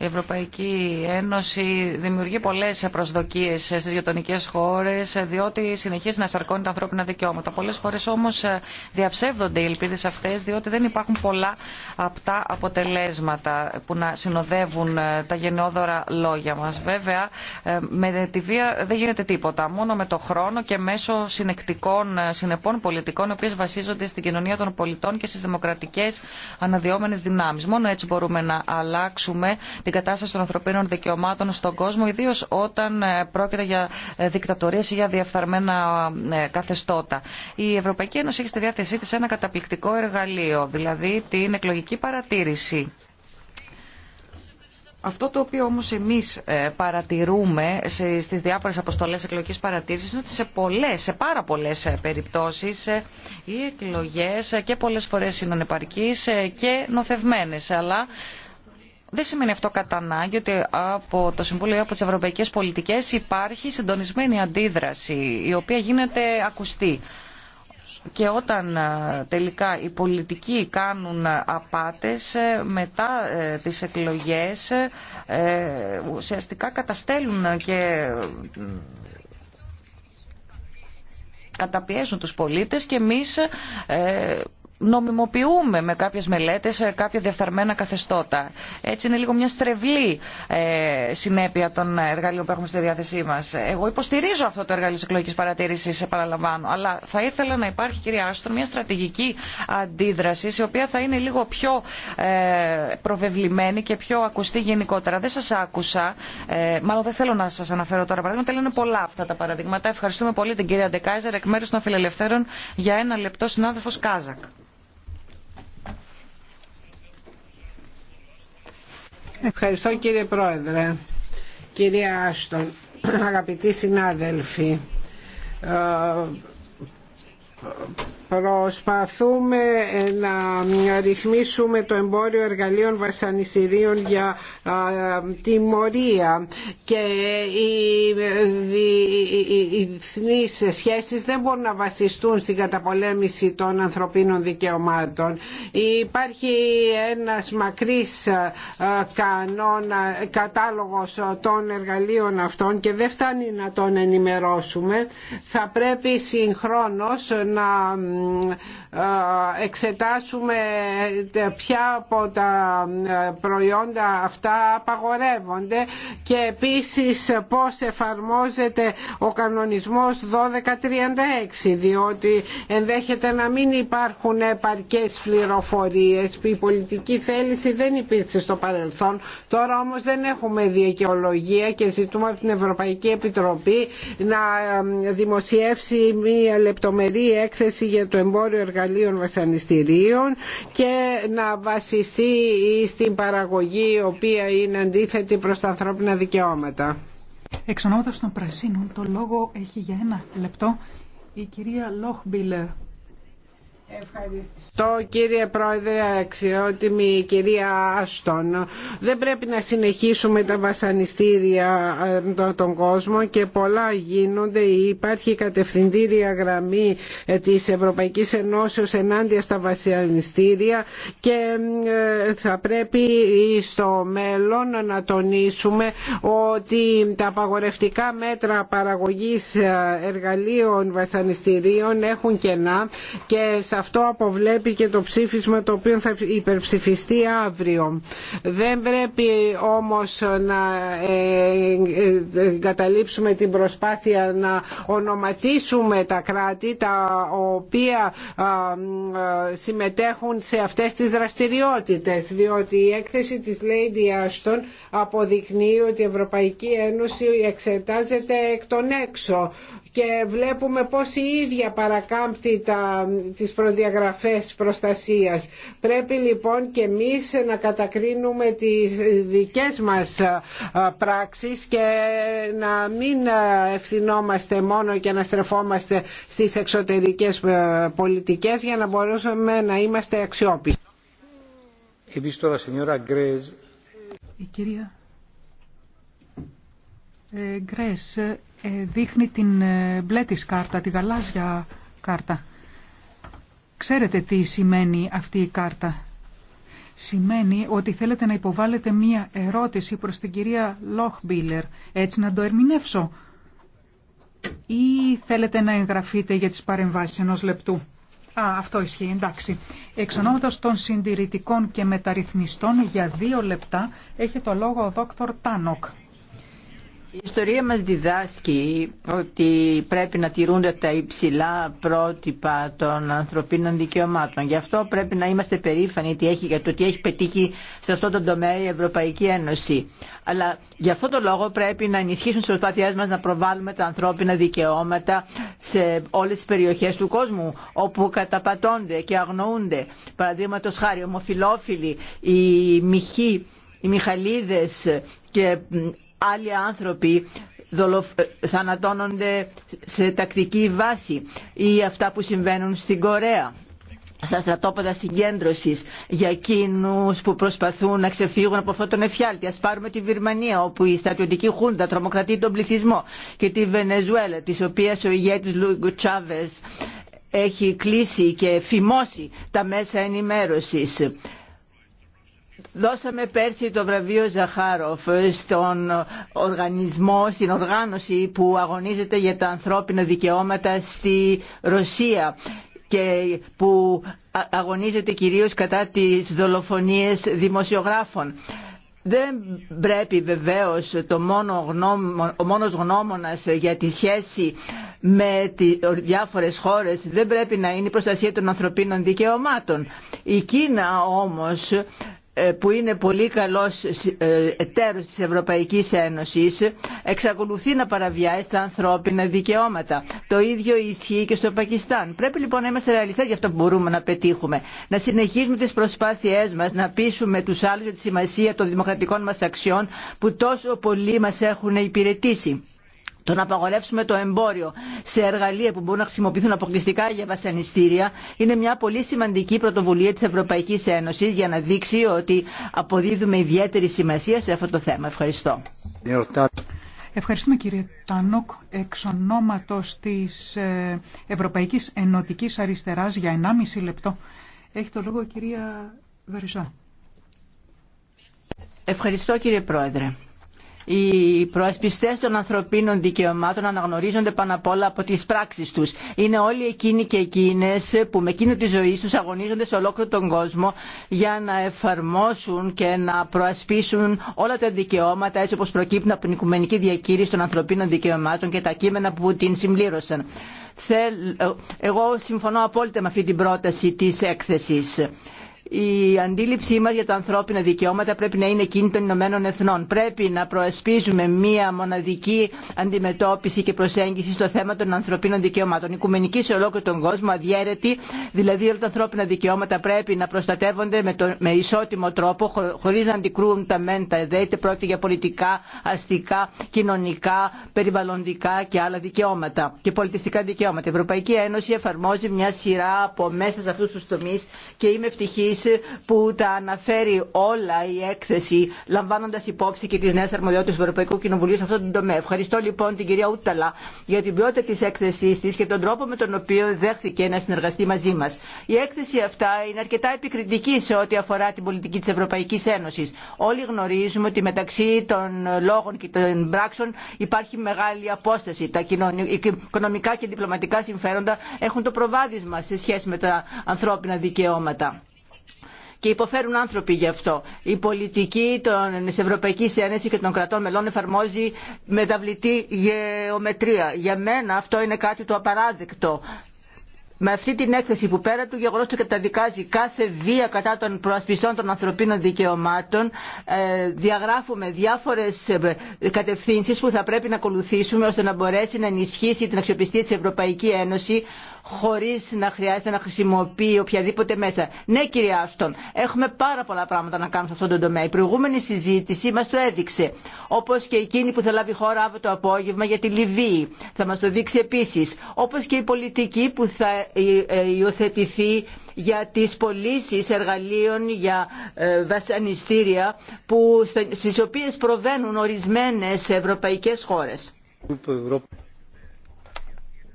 Η Ευρωπαϊκή Ένωση δημιουργεί πολλέ προσδοκίε στι γειτονικέ χώρε, διότι συνεχίζει να σαρκώνει τα ανθρώπινα δικαιώματα. Πολλέ φορέ όμω διαψεύδονται οι ελπίδε αυτέ, διότι δεν υπάρχουν πολλά τα αποτελέσματα που να συνοδεύουν τα γενναιόδωρα λόγια μα. Βέβαια, με τη βία δεν γίνεται τίποτα. Μόνο με το χρόνο και μέσω συνεκτικών, συνεπών πολιτικών, οι οποίε βασίζονται στην κοινωνία των πολιτών και στι δημοκρατικέ αναδυόμενε δυνάμει. Μόνο έτσι μπορούμε να αλλάξουμε την κατάσταση των ανθρωπίνων δικαιωμάτων στον κόσμο, ιδίω όταν ε, πρόκειται για ε, δικτατορίε ή για διαφθαρμένα ε, καθεστώτα. Η Ευρωπαϊκή Ένωση έχει στη διάθεσή τη ένα καταπληκτικό εργαλείο, δηλαδή την εκλογική παρατήρηση. Αυτό το οποίο όμως εμείς παρατηρούμε στις διάφορες αποστολές εκλογικής παρατήρησης είναι ότι σε πολλές, σε πάρα πολλές περιπτώσεις οι εκλογές και πολλές φορές είναι ανεπαρκείς και νοθευμένες. Αλλά δεν σημαίνει αυτό κατά ανάγκη ότι από το Συμβούλιο ή από τι ευρωπαϊκέ πολιτικέ υπάρχει συντονισμένη αντίδραση η οποία γίνεται ακουστή. Και όταν ε, τελικά οι πολιτικοί κάνουν απάτες ε, μετά ε, τις εκλογές ουσιαστικά καταστέλουν και καταπιέζουν τους πολίτες και εμείς νομιμοποιούμε με κάποιες μελέτες ε, κάποια διαφθαρμένα καθεστώτα. Έτσι είναι λίγο μια στρεβλή ε, συνέπεια των εργαλείων που έχουμε στη διάθεσή μας. Εγώ υποστηρίζω αυτό το εργαλείο της εκλογικής παρατήρησης, επαναλαμβάνω, αλλά θα ήθελα να υπάρχει, κυρία Άστρο, μια στρατηγική αντίδραση, η οποία θα είναι λίγο πιο ε, προβεβλημένη και πιο ακουστή γενικότερα. Δεν σας άκουσα, μάλλον δεν θέλω να σας αναφέρω τώρα παραδείγματα, αλλά είναι πολλά αυτά τα παραδείγματα. Ευχαριστούμε πολύ την κυρία Ντεκάιζερ εκ μέρους των Φιλελευθέρων για ένα λεπτό συνάδελφος Κάζακ. Ευχαριστώ κύριε Πρόεδρε. Κυρία Άστον, αγαπητοί συνάδελφοι, ε, Προσπαθούμε ε, να ρυθμίσουμε το εμπόριο εργαλείων βασανιστήριων για τιμωρία και οι διεθνείς σχέσεις δεν μπορούν να βασιστούν στην καταπολέμηση των ανθρωπίνων δικαιωμάτων. Υπάρχει ένας μακρύς κανόνα, κατάλογος των εργαλείων αυτών και δεν φτάνει να τον ενημερώσουμε. Θα πρέπει συγχρόνως να ε, εξετάσουμε ποια από τα ε, προϊόντα αυτά απαγορεύονται και επίσης πώς εφαρμόζεται ο κανονισμός 1236 διότι ενδέχεται να μην υπάρχουν επαρκές πληροφορίες η πολιτική θέληση δεν υπήρξε στο παρελθόν τώρα όμως δεν έχουμε δικαιολογία και ζητούμε από την Ευρωπαϊκή Επιτροπή να ε, δημοσιεύσει μια λεπτομερή έκθεση για το εμπόριο εργαλείων βασανιστήριων και να βασιστεί στην παραγωγή η οποία είναι αντίθετη προς τα ανθρώπινα δικαιώματα. Εξ των Πρασίνων, το λόγο έχει για ένα λεπτό η κυρία Λόχμπιλερ. Ευχαριστώ κύριε Πρόεδρε, αξιότιμη κυρία Άστον. Δεν πρέπει να συνεχίσουμε τα βασανιστήρια ε, των κόσμων και πολλά γίνονται. Υπάρχει κατευθυντήρια γραμμή ε, της Ευρωπαϊκής Ενώσεως ενάντια στα βασανιστήρια και ε, θα πρέπει στο μέλλον να τονίσουμε ότι τα απαγορευτικά μέτρα παραγωγής εργαλείων βασανιστήριων έχουν κενά και αυτό αποβλέπει και το ψήφισμα το οποίο θα υπερψηφιστεί αύριο. Δεν πρέπει όμως να ε, ε, καταλήψουμε την προσπάθεια να ονοματίσουμε τα κράτη τα οποία ε, συμμετέχουν σε αυτές τις δραστηριότητες διότι η έκθεση της Lady Ashton αποδεικνύει ότι η Ευρωπαϊκή Ένωση εξετάζεται εκ των έξω και βλέπουμε πως η ίδια παρακάμπτει τα, τις προδιαγραφές προστασίας. Πρέπει λοιπόν και εμείς να κατακρίνουμε τις δικές μας πράξεις και να μην ευθυνόμαστε μόνο και να στρεφόμαστε στις εξωτερικές πολιτικές για να μπορούσαμε να είμαστε αξιόπιστοι. Επίσης τώρα, η κυρία ε, ε, δείχνει την ε, μπλε κάρτα, τη γαλάζια κάρτα. Ξέρετε τι σημαίνει αυτή η κάρτα. Σημαίνει ότι θέλετε να υποβάλλετε μία ερώτηση προς την κυρία Λόχμπίλερ, έτσι να το ερμηνεύσω. Ή θέλετε να εγγραφείτε για τις παρεμβάσεις ενός λεπτού. Α, αυτό ισχύει, εντάξει. Εξ των συντηρητικών και μεταρρυθμιστών για δύο λεπτά έχει το λόγο ο δόκτωρ Τάνοκ. Η ιστορία μας διδάσκει ότι πρέπει να τηρούνται τα υψηλά πρότυπα των ανθρωπίνων δικαιωμάτων. Γι' αυτό πρέπει να είμαστε περήφανοι για το τι έχει πετύχει σε αυτό το τομέα η Ευρωπαϊκή Ένωση. Αλλά γι' αυτό το λόγο πρέπει να ενισχύσουν τις προσπάθειές μας να προβάλλουμε τα ανθρώπινα δικαιώματα σε όλες τις περιοχές του κόσμου όπου καταπατώνται και αγνοούνται. Παραδείγματος χάρη ομοφυλόφιλοι, οι μυχοί, οι μιχαλίδες και άλλοι άνθρωποι ε, θανατώνονται σε τακτική βάση ή αυτά που συμβαίνουν στην Κορέα στα στρατόπεδα συγκέντρωσης για εκείνους που προσπαθούν να ξεφύγουν από αυτόν τον εφιάλτη. Ας πάρουμε τη Βυρμανία όπου η στρατιωτική στρατοπεδα συγκεντρωσης για εκεινου που τρομοκρατεί τον πληθυσμό και τη Βενεζουέλα της οποίας ο ηγέτης Λούγκο Τσάβες έχει κλείσει και φημώσει τα μέσα ενημέρωσης Δώσαμε πέρσι το βραβείο Ζαχάροφ στον οργανισμό, στην οργάνωση που αγωνίζεται για τα ανθρώπινα δικαιώματα στη Ρωσία και που αγωνίζεται κυρίως κατά τις δολοφονίες δημοσιογράφων. Δεν πρέπει βεβαίως το μόνο γνώμο, ο μόνος γνώμονας για τη σχέση με τις διάφορες χώρες δεν πρέπει να είναι η προστασία των ανθρωπίνων δικαιωμάτων. Η Κίνα όμως ε, που είναι πολύ καλός ε, εταίρος της Ευρωπαϊκής Ένωσης εξακολουθεί να παραβιάζει τα ανθρώπινα δικαιώματα. Το ίδιο ισχύει και στο Πακιστάν. Πρέπει λοιπόν να είμαστε ρεαλιστές για αυτό που μπορούμε να πετύχουμε. Να συνεχίσουμε τις προσπάθειές μας να πείσουμε τους άλλους για τη σημασία των δημοκρατικών μας αξιών που τόσο πολλοί μας έχουν υπηρετήσει το να απαγορεύσουμε το εμπόριο σε εργαλεία που μπορούν να χρησιμοποιηθούν αποκλειστικά για βασανιστήρια είναι μια πολύ σημαντική πρωτοβουλία της Ευρωπαϊκής Ένωσης για να δείξει ότι αποδίδουμε ιδιαίτερη σημασία σε αυτό το θέμα. Ευχαριστώ. Ευχαριστούμε κύριε Τανόκ εξ ονόματος της ε, Ευρωπαϊκής Ενωτικής Αριστεράς για 1,5 λεπτό. Έχει το λόγο κυρία Βαριζά. Ευχαριστώ κύριε Πρόεδρε. Οι προασπιστές των ανθρωπίνων δικαιωμάτων αναγνωρίζονται πάνω απ' όλα από τις πράξεις τους. Είναι όλοι εκείνοι και εκείνες που με εκείνη τη ζωή τους αγωνίζονται σε ολόκληρο τον κόσμο για να εφαρμόσουν και να προασπίσουν όλα τα δικαιώματα έτσι όπως προκύπτουν από την Οικουμενική Διακήρυξη των Ανθρωπίνων Δικαιωμάτων και τα κείμενα που την συμπλήρωσαν. Ε, εγώ συμφωνώ απόλυτα με αυτή την πρόταση της έκθεσης η αντίληψή μας για τα ανθρώπινα δικαιώματα πρέπει να είναι εκείνη των Ηνωμένων Εθνών. Πρέπει να προασπίζουμε μία μοναδική αντιμετώπιση και προσέγγιση στο θέμα των ανθρωπίνων δικαιωμάτων. Οικουμενική σε ολόκληρο τον κόσμο, αδιέρετη, δηλαδή όλα τα ανθρώπινα δικαιώματα πρέπει να προστατεύονται με, με ισότιμο τρόπο, χωρίς να αντικρούν τα μέντα εδέ, είτε πρόκειται για πολιτικά, αστικά, κοινωνικά, περιβαλλοντικά και άλλα δικαιώματα και πολιτιστικά δικαιώματα. Η Ευρωπαϊκή Ένωση εφαρμόζει μια σειρά από μέσα σε αυτού του τομεί και είμαι ευτυχή ε, που τα αναφέρει όλα η έκθεση λαμβάνοντας υπόψη και τις νέες αρμοδιότητες του Ευρωπαϊκού Κοινοβουλίου σε αυτόν τον τομέα. Ευχαριστώ λοιπόν την κυρία Ούταλα για την ποιότητα της έκθεσής της και τον τρόπο με τον οποίο δέχθηκε να συνεργαστεί μαζί μας. Η έκθεση αυτά είναι αρκετά επικριτική σε ό,τι αφορά την πολιτική της Ευρωπαϊκής Ένωσης. Όλοι γνωρίζουμε ότι μεταξύ των λόγων και των πράξεων υπάρχει μεγάλη απόσταση. Τα οικονομικά και διπλωματικά συμφέροντα έχουν το προβάδισμα σε σχέση με τα ανθρώπινα δικαιώματα και υποφέρουν άνθρωποι γι' αυτό. Η πολιτική τη Ευρωπαϊκή Ένωση και των κρατών μελών εφαρμόζει μεταβλητή γεωμετρία. Για μένα αυτό είναι κάτι το απαράδεκτο με αυτή την έκθεση που πέρα του γεγονό του καταδικάζει κάθε βία κατά των προασπιστών των ανθρωπίνων δικαιωμάτων, ε, διαγράφουμε διάφορε κατευθύνσει που θα πρέπει να ακολουθήσουμε ώστε να μπορέσει να ενισχύσει την αξιοπιστία τη Ευρωπαϊκή Ένωση χωρίς να χρειάζεται να χρησιμοποιεί οποιαδήποτε μέσα. Ναι κυρία Άστον, έχουμε πάρα πολλά πράγματα να κάνουμε σε αυτόν τον τομέα. Η προηγούμενη συζήτηση μας το έδειξε. Όπως και εκείνη που θα λάβει χώρα αύριο το απόγευμα για τη Λιβύη. Θα μας το δείξει επίσης. Όπως και η πολιτική που θα ε, ε, υιοθετηθεί για τις πωλήσει εργαλείων για ε, βασανιστήρια που, στις οποίες προβαίνουν ορισμένες ευρωπαϊκές χώρες.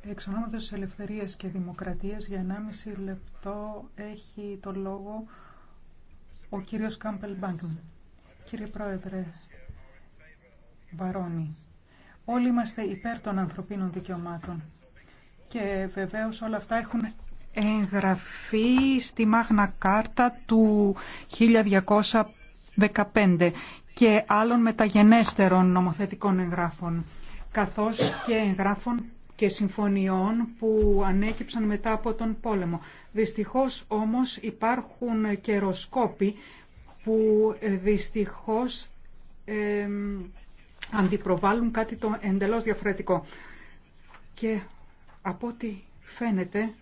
Εξ της Ελευθερίας και Δημοκρατίας για 1,5 λεπτό έχει το λόγο ο κύριος Κάμπελ Μπάνκμ. Κύριε Πρόεδρε Βαρόνι, όλοι είμαστε υπέρ των ανθρωπίνων δικαιωμάτων και βεβαίως όλα αυτά έχουν εγγραφεί στη Μάγνα Κάρτα του 1215 και άλλων μεταγενέστερων νομοθετικών εγγράφων καθώς και εγγράφων και συμφωνιών που ανέκυψαν μετά από τον πόλεμο. Δυστυχώς όμως υπάρχουν καιροσκόποι που ε, δυστυχώς ε, αντιπροβάλλουν κάτι το εντελώς διαφορετικό. Και από ό,τι φαίνεται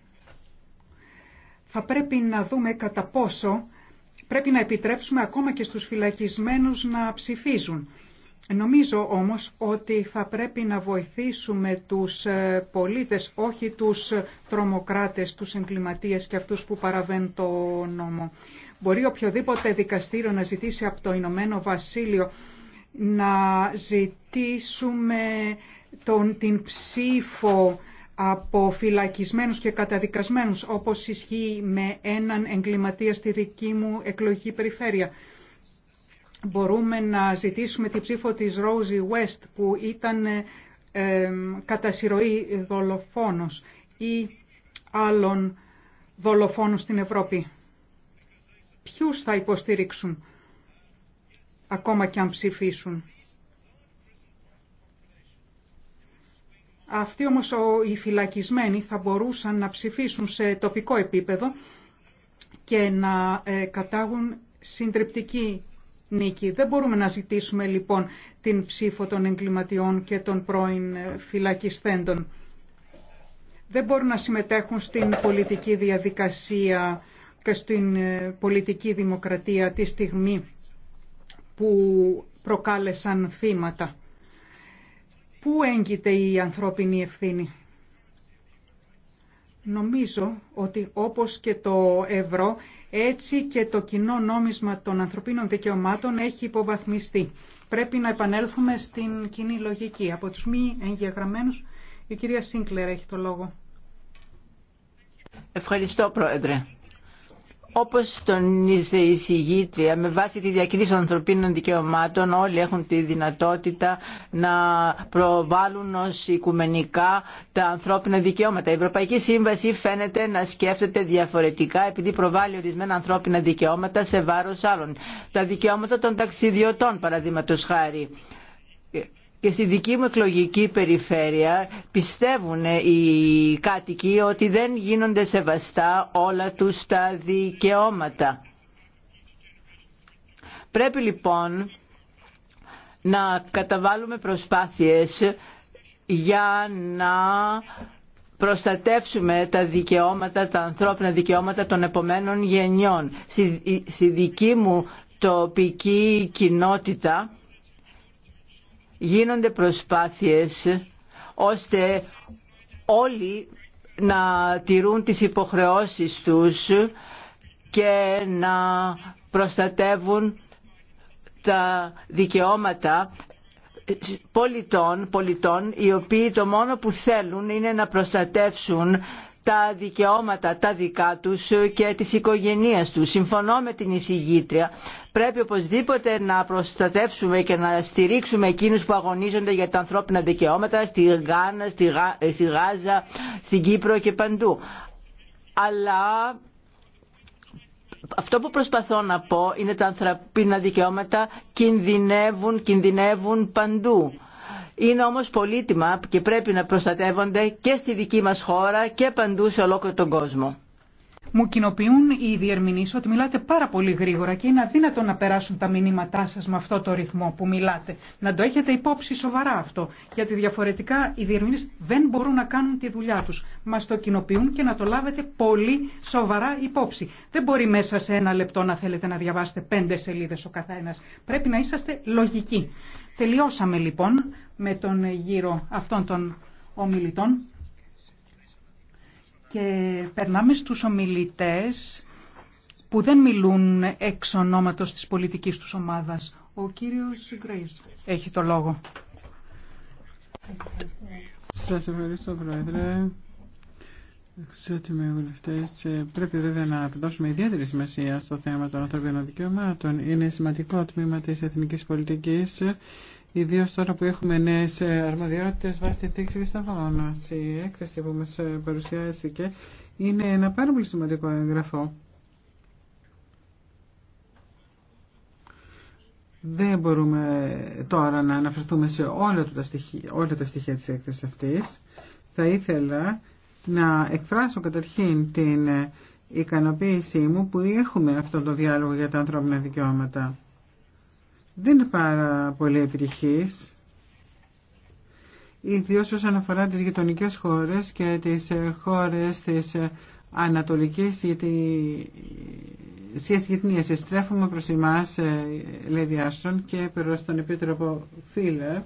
θα πρέπει να δούμε κατά πόσο πρέπει να επιτρέψουμε ακόμα και στους φυλακισμένους να ψηφίζουν. Νομίζω όμως ότι θα πρέπει να βοηθήσουμε τους ε, πολίτες, όχι τους ε, τρομοκράτες, τους εγκληματίες και αυτούς που παραβαίνουν το νόμο. Μπορεί οποιοδήποτε δικαστήριο να ζητήσει από το Ηνωμένο Βασίλειο να ζητήσουμε τον, την ψήφο από φυλακισμένους και καταδικασμένους, όπως ισχύει με έναν εγκληματία στη δική μου εκλογική περιφέρεια μπορούμε να ζητήσουμε την ψήφο της Rosie West που ήταν ε, κατά δολοφόνος ή άλλων δολοφόνων στην Ευρώπη. Ποιους θα υποστηρίξουν ακόμα και αν ψηφίσουν. Αυτοί όμως οι φυλακισμένοι θα μπορούσαν να ψηφίσουν σε τοπικό επίπεδο και να ε, κατάγουν συντριπτική νίκη. Δεν μπορούμε να ζητήσουμε λοιπόν την ψήφο των εγκληματιών και των πρώην ε, φυλακιστέντων. Δεν μπορούν να συμμετέχουν στην πολιτική διαδικασία και στην ε, πολιτική δημοκρατία τη στιγμή που προκάλεσαν θύματα. Πού έγκυται η ανθρώπινη ευθύνη. Νομίζω ότι όπως και το ευρώ έτσι και το κοινό νόμισμα των ανθρωπίνων δικαιωμάτων έχει υποβαθμιστεί. Πρέπει να επανέλθουμε στην κοινή λογική. Από τους μη εγγεγραμμένους, η κυρία Σίνκλερ έχει το λόγο. Ευχαριστώ, Πρόεδρε. Όπως τονίζει η συγγήτρια, με βάση τη διακρίση των ανθρωπίνων δικαιωμάτων όλοι έχουν τη δυνατότητα να προβάλλουν ως οικουμενικά τα ανθρώπινα δικαιώματα. Η Ευρωπαϊκή Σύμβαση φαίνεται να σκέφτεται διαφορετικά επειδή προβάλλει ορισμένα ανθρώπινα δικαιώματα σε βάρος άλλων. Τα δικαιώματα των ταξιδιωτών παραδείγματο χάρη και στη δική μου εκλογική περιφέρεια πιστεύουν οι κάτοικοι ότι δεν γίνονται σεβαστά όλα τους τα δικαιώματα. Πρέπει λοιπόν να καταβάλουμε προσπάθειες για να προστατεύσουμε τα δικαιώματα, τα ανθρώπινα δικαιώματα των επομένων γενιών. Στη δική μου τοπική κοινότητα γίνονται προσπάθειες ώστε όλοι να τηρούν τις υποχρεώσεις τους και να προστατεύουν τα δικαιώματα πολιτών, πολιτών οι οποίοι το μόνο που θέλουν είναι να προστατεύσουν τα δικαιώματα τα δικά τους και της οικογένειας τους. Συμφωνώ με την εισηγήτρια. Πρέπει οπωσδήποτε να προστατεύσουμε και να στηρίξουμε εκείνους που αγωνίζονται για τα ανθρώπινα δικαιώματα στη Γάνα, στη, Γά, ε, στη Γάζα, στην Κύπρο και παντού. Αλλά αυτό που προσπαθώ να πω είναι τα ανθρώπινα δικαιώματα κινδυνεύουν, κινδυνεύουν παντού είναι όμως πολύτιμα και πρέπει να προστατεύονται και στη δική μας χώρα και παντού σε ολόκληρο τον κόσμο. Μου κοινοποιούν οι διερμηνείς ότι μιλάτε πάρα πολύ γρήγορα και είναι αδύνατο να περάσουν τα μηνύματά σας με αυτό το ρυθμό που μιλάτε. Να το έχετε υπόψη σοβαρά αυτό, γιατί διαφορετικά οι διερμηνείς δεν μπορούν να κάνουν τη δουλειά τους. Μας το κοινοποιούν και να το λάβετε πολύ σοβαρά υπόψη. Δεν μπορεί μέσα σε ένα λεπτό να θέλετε να διαβάσετε πέντε σελίδες ο καθένας. Πρέπει να είσαστε λογικοί. Τελειώσαμε λοιπόν με τον γύρο αυτών των ομιλητών και περνάμε στους ομιλητές που δεν μιλούν εξ ονόματος της πολιτικής τους ομάδας. Ο κύριος Γκρέις έχει το λόγο. Σας ευχαριστώ, Πρόεδρε. Εξότιμοι βουλευτέ, ε, πρέπει βέβαια να δώσουμε ιδιαίτερη σημασία στο θέμα των ανθρωπίνων δικαιωμάτων. Είναι σημαντικό τμήμα τη εθνική πολιτική, ιδίω τώρα που έχουμε νέε αρμοδιότητε βάσει τη τήξη Λισαβόνα. Η έκθεση που μα ε, παρουσιάστηκε είναι ένα πάρα πολύ σημαντικό εγγραφό. Δεν μπορούμε ε, τώρα να αναφερθούμε σε όλα τα στοιχεία, όλα τα στοιχεία της έκθεσης αυτής. Θα ήθελα να εκφράσω καταρχήν την ε, ικανοποίησή μου που έχουμε αυτόν το διάλογο για τα ανθρώπινα δικαιώματα. Δεν είναι πάρα πολύ επιτυχής, ιδίως όσον αφορά τις γειτονικέ χώρες και τις ε, χώρες της ε, Ανατολικής γιατί σχέση Στρέφουμε προς εμάς, λέει διάστον, και προς τον Επίτροπο Φίλερ,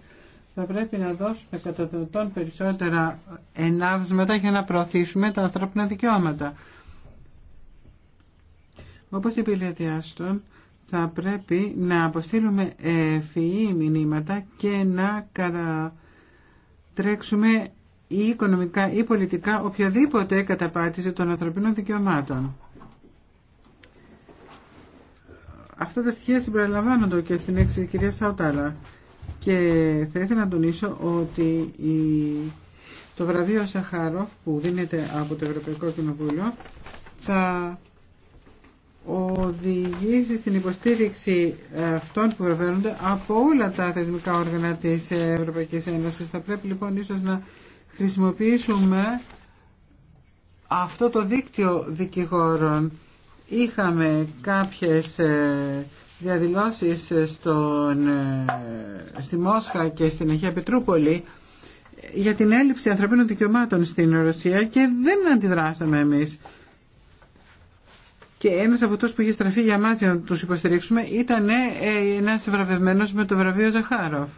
θα πρέπει να δώσουμε κατά τον περισσότερα ενάβσματα για να προωθήσουμε τα ανθρώπινα δικαιώματα. Όπως είπε η θα πρέπει να αποστείλουμε ευφυή μηνύματα και να κατατρέξουμε ή οικονομικά ή πολιτικά οποιοδήποτε καταπάτησε των ανθρωπίνων δικαιωμάτων. Αυτά τα στοιχεία συμπεριλαμβάνονται και στην έξι κυρία Σαουτάλα. Και θα ήθελα να τονίσω ότι το βραβείο Σαχάροφ που δίνεται από το Ευρωπαϊκό Κοινοβούλιο θα οδηγήσει στην υποστήριξη αυτών που βραβεύονται από όλα τα θεσμικά όργανα της Ευρωπαϊκής Ένωσης. Θα πρέπει λοιπόν ίσως να χρησιμοποιήσουμε αυτό το δίκτυο δικηγόρων. Είχαμε κάποιες ε, διαδηλώσεις στον, ε, στη Μόσχα και στην Αγία Πετρούπολη για την έλλειψη ανθρωπίνων δικαιωμάτων στην Ρωσία και δεν αντιδράσαμε εμείς. Και ένας από τους που είχε στραφεί για μας για να τους υποστηρίξουμε ήταν ε, ένας βραβευμένος με το βραβείο Ζαχάροφ.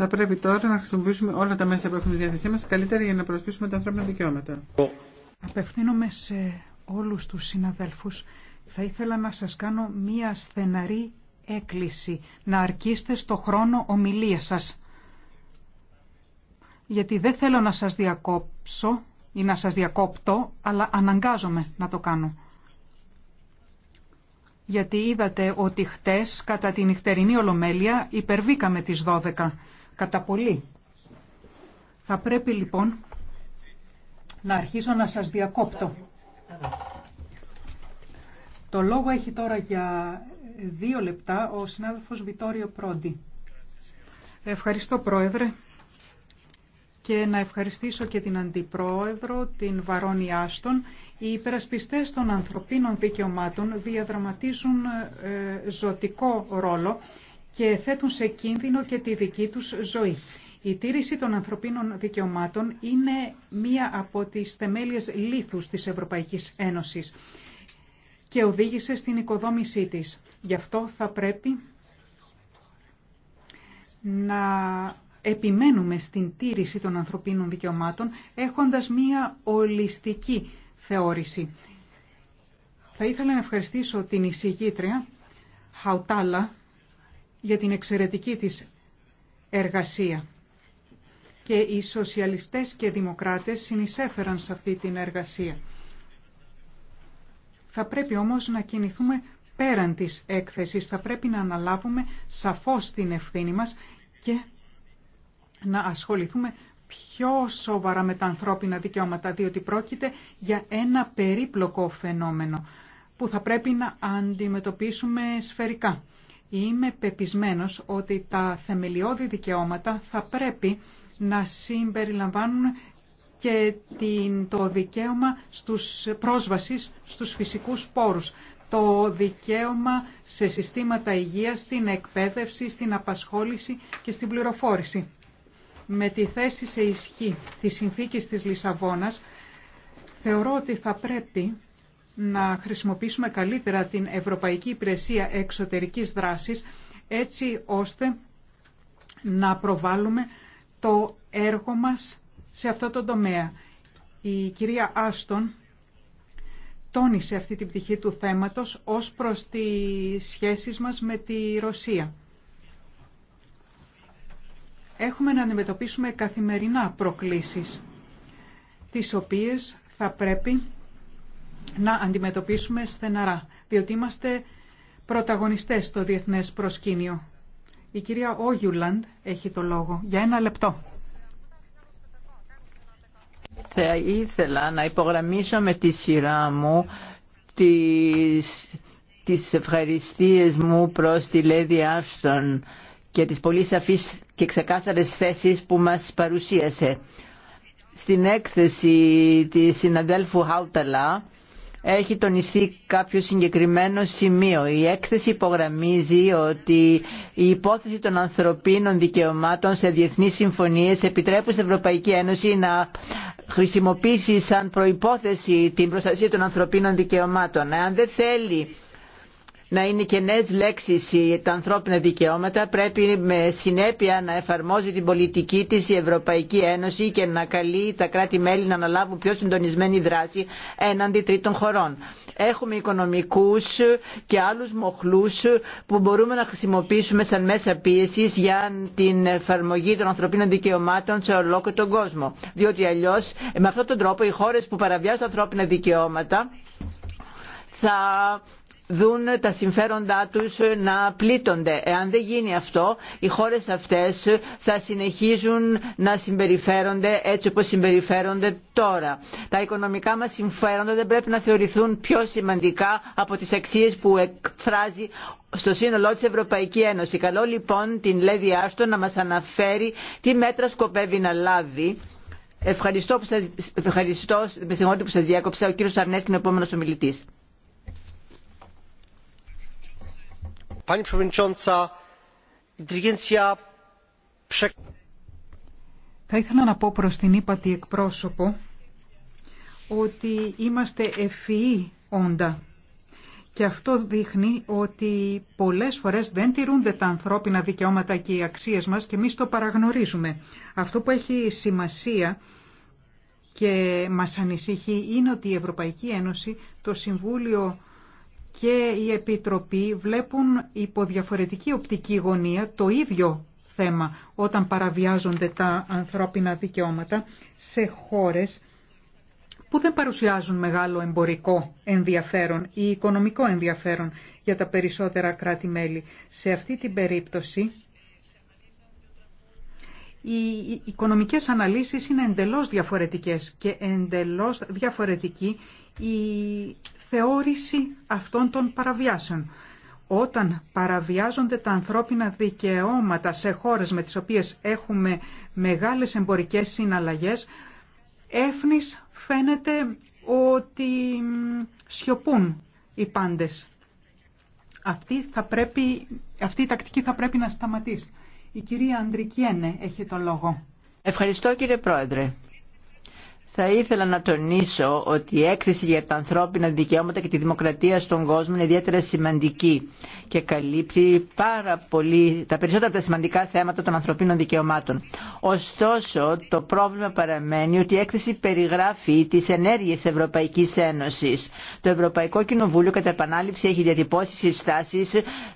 Θα πρέπει τώρα να χρησιμοποιήσουμε όλα τα μέσα που έχουμε στη διάθεσή μας καλύτερα για να προσπίσουμε τα ανθρώπινα δικαιώματα. Απευθύνομαι σε όλους τους συναδέλφους. Θα ήθελα να σας κάνω μία στεναρή έκκληση να αρκείστε στο χρόνο ομιλία σας. Γιατί δεν θέλω να σας διακόψω ή να σας διακόπτω, αλλά αναγκάζομαι να το κάνω. Γιατί είδατε ότι χτες κατά τη νυχτερινή ολομέλεια υπερβήκαμε τις 12 κατά πολύ. Θα πρέπει λοιπόν να αρχίσω να σας διακόπτω. Το λόγο έχει τώρα για δύο λεπτά ο συνάδελφος Βιτόριο Πρόντι. Ευχαριστώ Πρόεδρε και να ευχαριστήσω και την Αντιπρόεδρο, την Βαρόνι Άστον. Οι υπερασπιστές των ανθρωπίνων δικαιωμάτων διαδραματίζουν ε, ζωτικό ρόλο και θέτουν σε κίνδυνο και τη δική τους ζωή. Η τήρηση των ανθρωπίνων δικαιωμάτων είναι μία από τις θεμέλιες λήθους της Ευρωπαϊκής Ένωσης και οδήγησε στην οικοδόμησή της. Γι' αυτό θα πρέπει να επιμένουμε στην τήρηση των ανθρωπίνων δικαιωμάτων έχοντας μία ολιστική θεώρηση. Θα ήθελα να ευχαριστήσω την εισηγήτρια Χαουτάλα για την εξαιρετική της εργασία. Και οι σοσιαλιστές και δημοκράτες συνεισέφεραν σε αυτή την εργασία. Θα πρέπει όμως να κινηθούμε πέραν της έκθεσης, θα πρέπει να αναλάβουμε σαφώς την ευθύνη μας και να ασχοληθούμε πιο σοβαρά με τα ανθρώπινα δικαιώματα, διότι πρόκειται για ένα περίπλοκο φαινόμενο που θα πρέπει να αντιμετωπίσουμε σφαιρικά. Είμαι πεπισμένος ότι τα θεμελιώδη δικαιώματα θα πρέπει να συμπεριλαμβάνουν και την, το δικαίωμα στους πρόσβασης στους φυσικούς πόρους, το δικαίωμα σε συστήματα υγείας, στην εκπαίδευση, στην απασχόληση και στην πληροφόρηση. Με τη θέση σε ισχύ της συνθήκης της Λισαβόνας, θεωρώ ότι θα πρέπει να χρησιμοποιήσουμε καλύτερα την Ευρωπαϊκή Υπηρεσία Εξωτερικής Δράσης έτσι ώστε να προβάλλουμε το έργο μας σε αυτό το τομέα. Η κυρία Άστον τόνισε αυτή την πτυχή του θέματος ως προς τις σχέσεις μας με τη Ρωσία. Έχουμε να αντιμετωπίσουμε καθημερινά προκλήσεις, τις οποίες θα πρέπει να αντιμετωπίσουμε στεναρά, διότι είμαστε πρωταγωνιστές στο διεθνές προσκήνιο. Η κυρία Όγιουλαντ έχει το λόγο για ένα λεπτό. Θα ήθελα να υπογραμμίσω με τη σειρά μου τις, τις ευχαριστίες μου προς τη Λέδη Άστον και τις πολύ σαφείς και ξεκάθαρες θέσεις που μας παρουσίασε. Στην έκθεση της συναδέλφου Χάουταλα έχει τονιστεί κάποιο συγκεκριμένο σημείο. Η έκθεση υπογραμμίζει ότι η υπόθεση των ανθρωπίνων δικαιωμάτων σε διεθνείς συμφωνίες επιτρέπει στην Ευρωπαϊκή Ένωση να χρησιμοποιήσει σαν προϋπόθεση την προστασία των ανθρωπίνων δικαιωμάτων. Αν δεν θέλει να είναι κενέ λέξεις τα ανθρώπινα δικαιώματα πρέπει με συνέπεια να εφαρμόζει την πολιτική τη η Ευρωπαϊκή Ένωση και να καλεί τα κράτη-μέλη να αναλάβουν πιο συντονισμένη δράση έναντι τρίτων χωρών. Έχουμε οικονομικού και άλλου μοχλου που μπορούμε να χρησιμοποιήσουμε σαν μέσα πίεση για την εφαρμογή των ανθρωπίνων δικαιωμάτων σε ολόκληρο τον κόσμο. Διότι αλλιώ με αυτόν τον τρόπο οι χώρε που παραβιάζουν ανθρώπινα δικαιώματα θα δουν τα συμφέροντά τους να πλήττονται. Εάν δεν γίνει αυτό, οι χώρες αυτές θα συνεχίζουν να συμπεριφέρονται έτσι όπως συμπεριφέρονται τώρα. Τα οικονομικά μας συμφέροντα δεν πρέπει να θεωρηθούν πιο σημαντικά από τις αξίες που εκφράζει στο σύνολό της Ευρωπαϊκή Ένωση. Καλό λοιπόν την Λέδη Άστο να μας αναφέρει τι μέτρα σκοπεύει να λάβει. Ευχαριστώ, που σας, ευχαριστώ που σας διάκοψα. Ο κύριος Αρνέσκη είναι ο επόμενος ομιλητής. pani przewodnicząca! inteligencja. θα ήθελα να πω προς την ύπατη εκπρόσωπο ότι είμαστε ευφυή όντα και αυτό δείχνει ότι πολλές φορές δεν τηρούνται τα ανθρώπινα δικαιώματα και οι αξίες μας και εμείς το παραγνωρίζουμε. Αυτό που έχει σημασία και μας ανησυχεί είναι ότι η Ευρωπαϊκή Ένωση, το Συμβούλιο και η Επιτροπή βλέπουν υπό διαφορετική οπτική γωνία το ίδιο θέμα όταν παραβιάζονται τα ανθρώπινα δικαιώματα σε χώρες που δεν παρουσιάζουν μεγάλο εμπορικό ενδιαφέρον ή οικονομικό ενδιαφέρον για τα περισσότερα κράτη-μέλη. Σε αυτή την περίπτωση, οι οικονομικές αναλύσεις είναι εντελώς διαφορετικές και εντελώς διαφορετική η θεώρηση αυτών των παραβιάσεων. Όταν παραβιάζονται τα ανθρώπινα δικαιώματα σε χώρες με τις οποίες έχουμε μεγάλες εμπορικές συναλλαγές, έφνης φαίνεται ότι σιωπούν οι πάντες. Αυτή, θα πρέπει, αυτή η τακτική θα πρέπει να σταματήσει. Η κυρία Αντρικιένε έχει το λόγο. Ευχαριστώ κύριε Πρόεδρε. Θα ήθελα να τονίσω ότι η έκθεση για τα ανθρώπινα δικαιώματα και τη δημοκρατία στον κόσμο είναι ιδιαίτερα σημαντική και καλύπτει πάρα πολύ τα περισσότερα από τα σημαντικά θέματα των ανθρωπίνων δικαιωμάτων. Ωστόσο, το πρόβλημα παραμένει ότι η έκθεση περιγράφει τις ενέργειες Ευρωπαϊκή Ένωση. Το Ευρωπαϊκό Κοινοβούλιο κατά επανάληψη έχει διατυπώσει συστάσει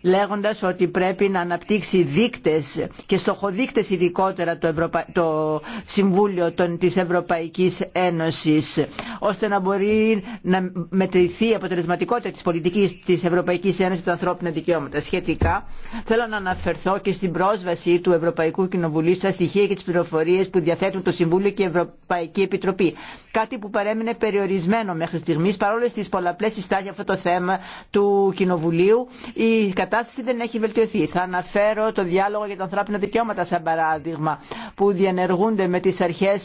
λέγοντα ότι πρέπει να αναπτύξει δείκτε και στοχοδείκτε ειδικότερα το, το Συμβούλιο τη Ευρωπαϊκή Ένωση. Ένωσης ώστε να μπορεί να μετρηθεί η αποτελεσματικότητα της πολιτικής της Ευρωπαϊκής Ένωσης και τα ανθρώπινα δικαιώματα. Σχετικά θέλω να αναφερθώ και στην πρόσβαση του Ευρωπαϊκού Κοινοβουλίου στα στοιχεία και τις πληροφορίες που διαθέτουν το Συμβούλιο και η Ευρωπαϊκή Επιτροπή κάτι που παρέμεινε περιορισμένο μέχρι στιγμή, παρόλε πολλαπλέ πολλαπλές για αυτό το θέμα του Κοινοβουλίου η κατάσταση δεν έχει βελτιωθεί. Θα αναφέρω το διάλογο για τα ανθρώπινα δικαιώματα σαν παράδειγμα που διενεργούνται με τι αρχέ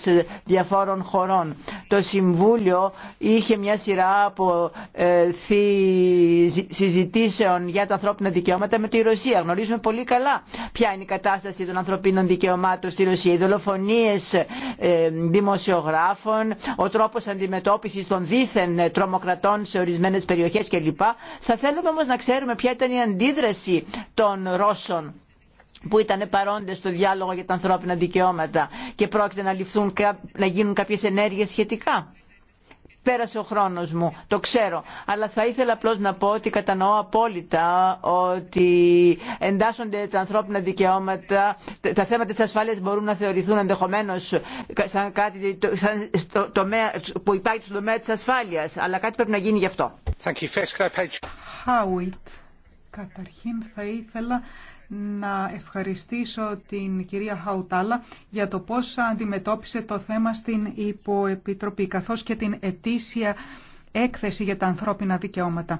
διαφόρων χωρών. Το Συμβούλιο είχε μια σειρά από ε, συζητήσεων για τα ανθρώπινα δικαιώματα με τη Ρωσία. Γνωρίζουμε πολύ καλά ποια είναι η κατάσταση των ανθρωπίνων δικαιωμάτων στη Ρωσία. Οι ε, δημοσιογράφων, ο τρόπος αντιμετώπισης των δίθεν ε, τρομοκρατών σε ορισμένες περιοχές κλπ. Θα θέλουμε όμως να ξέρουμε ποια ήταν η αντίδραση των Ρώσων που ήταν παρόντε στο διάλογο για τα ανθρώπινα δικαιώματα και πρόκειται να, ληφθούν, να γίνουν κάποιες ενέργειες σχετικά πέρασε ο χρόνος μου, το ξέρω. Αλλά θα ήθελα απλώ να πω ότι κατανοώ απόλυτα ότι εντάσσονται τα ανθρώπινα δικαιώματα, τα θέματα της ασφάλειας μπορούν να θεωρηθούν ενδεχομένω σαν κάτι σαν τομέα, που υπάρχει στον τομέα της ασφάλειας, αλλά κάτι πρέπει να γίνει γι' αυτό. Καταρχήν θα ήθελα να ευχαριστήσω την κυρία Χαουτάλα για το πώς αντιμετώπισε το θέμα στην Υποεπιτροπή, καθώς και την ετήσια έκθεση για τα ανθρώπινα δικαιώματα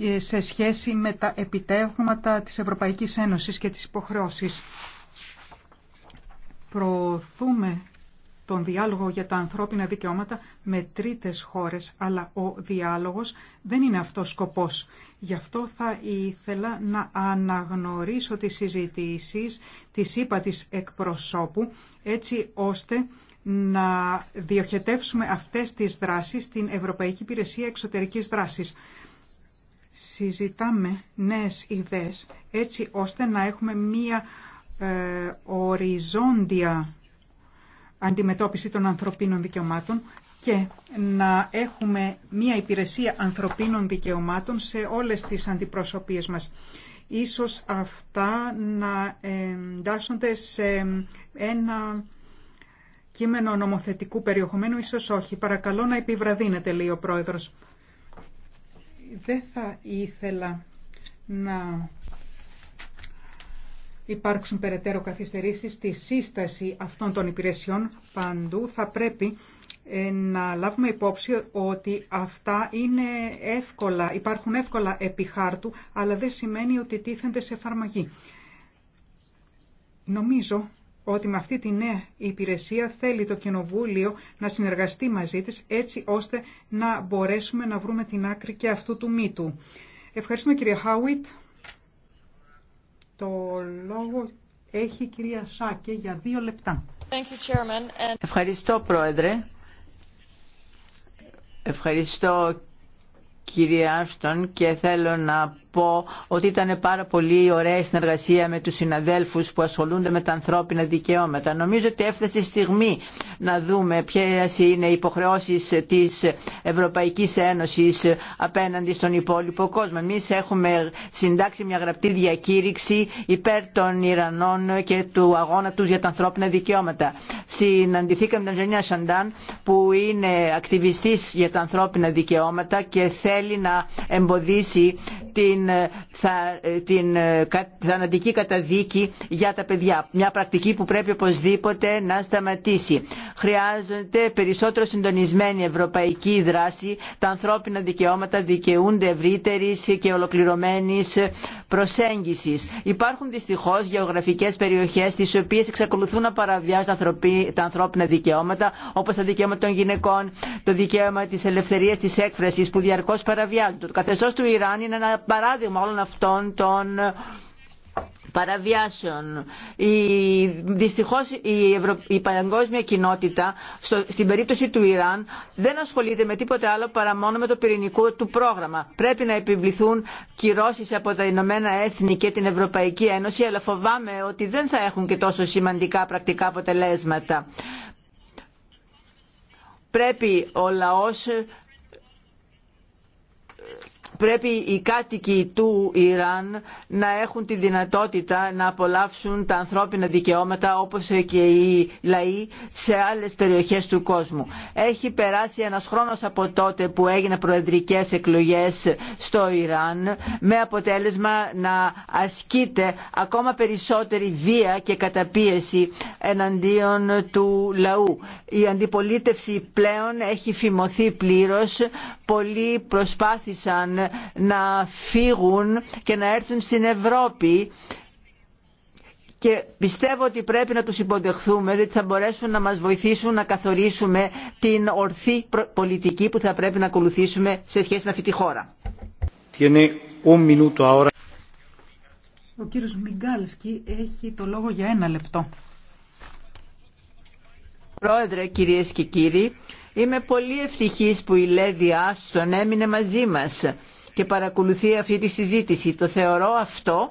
ε, σε σχέση με τα επιτεύγματα της Ευρωπαϊκής Ένωσης και τις υποχρεώσεις. Προωθούμε τον διάλογο για τα ανθρώπινα δικαιώματα με τρίτες χώρες, αλλά ο διάλογος δεν είναι αυτός σκοπός. Γι' αυτό θα ήθελα να αναγνωρίσω τις συζητήσεις της ΥΠΑ της εκπροσώπου, έτσι ώστε να διοχετεύσουμε αυτές τις δράσεις στην Ευρωπαϊκή Υπηρεσία Εξωτερικής Δράσης. Συζητάμε νέες ιδέες, έτσι ώστε να έχουμε μία ε, οριζόντια αντιμετώπιση των ανθρωπίνων δικαιωμάτων και να έχουμε μια υπηρεσία ανθρωπίνων δικαιωμάτων σε όλες τις αντιπροσωπίες μας. Ίσως αυτά να εντάσσονται σε ένα κείμενο νομοθετικού περιεχομένου, ίσως όχι. Παρακαλώ να επιβραδύνετε, λέει ο Πρόεδρος. Δεν θα ήθελα να υπάρξουν περαιτέρω καθυστερήσεις στη σύσταση αυτών των υπηρεσιών παντού, θα πρέπει ε, να λάβουμε υπόψη ότι αυτά είναι εύκολα, υπάρχουν εύκολα επί χάρτου, αλλά δεν σημαίνει ότι τίθενται σε εφαρμογή. Νομίζω ότι με αυτή τη νέα υπηρεσία θέλει το Κοινοβούλιο να συνεργαστεί μαζί της έτσι ώστε να μπορέσουμε να βρούμε την άκρη και αυτού του μύτου. Ευχαριστούμε κύριε Χάουιτ. Το λόγο έχει η κυρία Σάκε για δύο λεπτά. Ευχαριστώ Πρόεδρε. Ευχαριστώ κυρία Άστον και θέλω να πω ότι ήταν πάρα πολύ ωραία η συνεργασία με τους συναδέλφους που ασχολούνται με τα ανθρώπινα δικαιώματα. Νομίζω ότι έφτασε η στιγμή να δούμε ποιες είναι οι υποχρεώσεις της Ευρωπαϊκής Ένωσης απέναντι στον υπόλοιπο κόσμο. Εμεί έχουμε συντάξει μια γραπτή διακήρυξη υπέρ των Ιρανών και του αγώνα τους για τα ανθρώπινα δικαιώματα. Συναντηθήκαμε με τον Ζενιά Σαντάν που είναι ακτιβιστής για τα ανθρώπινα δικαιώματα και θέλει να εμποδίσει την, θα, την θανατική καταδίκη για τα παιδιά. Μια πρακτική που πρέπει οπωσδήποτε να σταματήσει. Χρειάζεται περισσότερο συντονισμένη ευρωπαϊκή δράση. Τα ανθρώπινα δικαιώματα δικαιούνται ευρύτερη και ολοκληρωμένη προσέγγιση. Υπάρχουν δυστυχώ γεωγραφικέ περιοχέ στι οποίε εξακολουθούν να παραβιάζουν τα ανθρώπινα δικαιώματα, όπω τα δικαιώματα των γυναικών, το δικαίωμα τη ελευθερία τη έκφραση που διαρκώ παραβιάζονται. Το καθεστώ του Ιράν είναι ένα παράδειγμα όλων αυτών των παραβιάσεων. Η, δυστυχώς η, Ευρω... παγκόσμια κοινότητα στην περίπτωση του Ιράν δεν ασχολείται με τίποτε άλλο παρά μόνο με το πυρηνικό του πρόγραμμα. Πρέπει να επιβληθούν κυρώσεις από τα Ηνωμένα Έθνη και την Ευρωπαϊκή Ένωση αλλά φοβάμαι ότι δεν θα έχουν και τόσο σημαντικά πρακτικά αποτελέσματα. Πρέπει ο λαός πρέπει οι κάτοικοι του Ιράν να έχουν τη δυνατότητα να απολαύσουν τα ανθρώπινα δικαιώματα όπως και οι λαοί σε άλλες περιοχές του κόσμου. Έχει περάσει ένας χρόνος από τότε που έγιναν προεδρικές εκλογές στο Ιράν με αποτέλεσμα να ασκείται ακόμα περισσότερη βία και καταπίεση εναντίον του λαού. Η αντιπολίτευση πλέον έχει φημωθεί πλήρως πολλοί προσπάθησαν να φύγουν και να έρθουν στην Ευρώπη και πιστεύω ότι πρέπει να τους υποδεχθούμε διότι θα μπορέσουν να μας βοηθήσουν να καθορίσουμε την ορθή πολιτική που θα πρέπει να ακολουθήσουμε σε σχέση με αυτή τη χώρα. Ο κύριος Μιγκάλσκι έχει το λόγο για ένα λεπτό. Πρόεδρε, κυρίες και κύριοι, Είμαι πολύ ευτυχής που η Λέδη Άστον έμεινε μαζί μας και παρακολουθεί αυτή τη συζήτηση. Το θεωρώ αυτό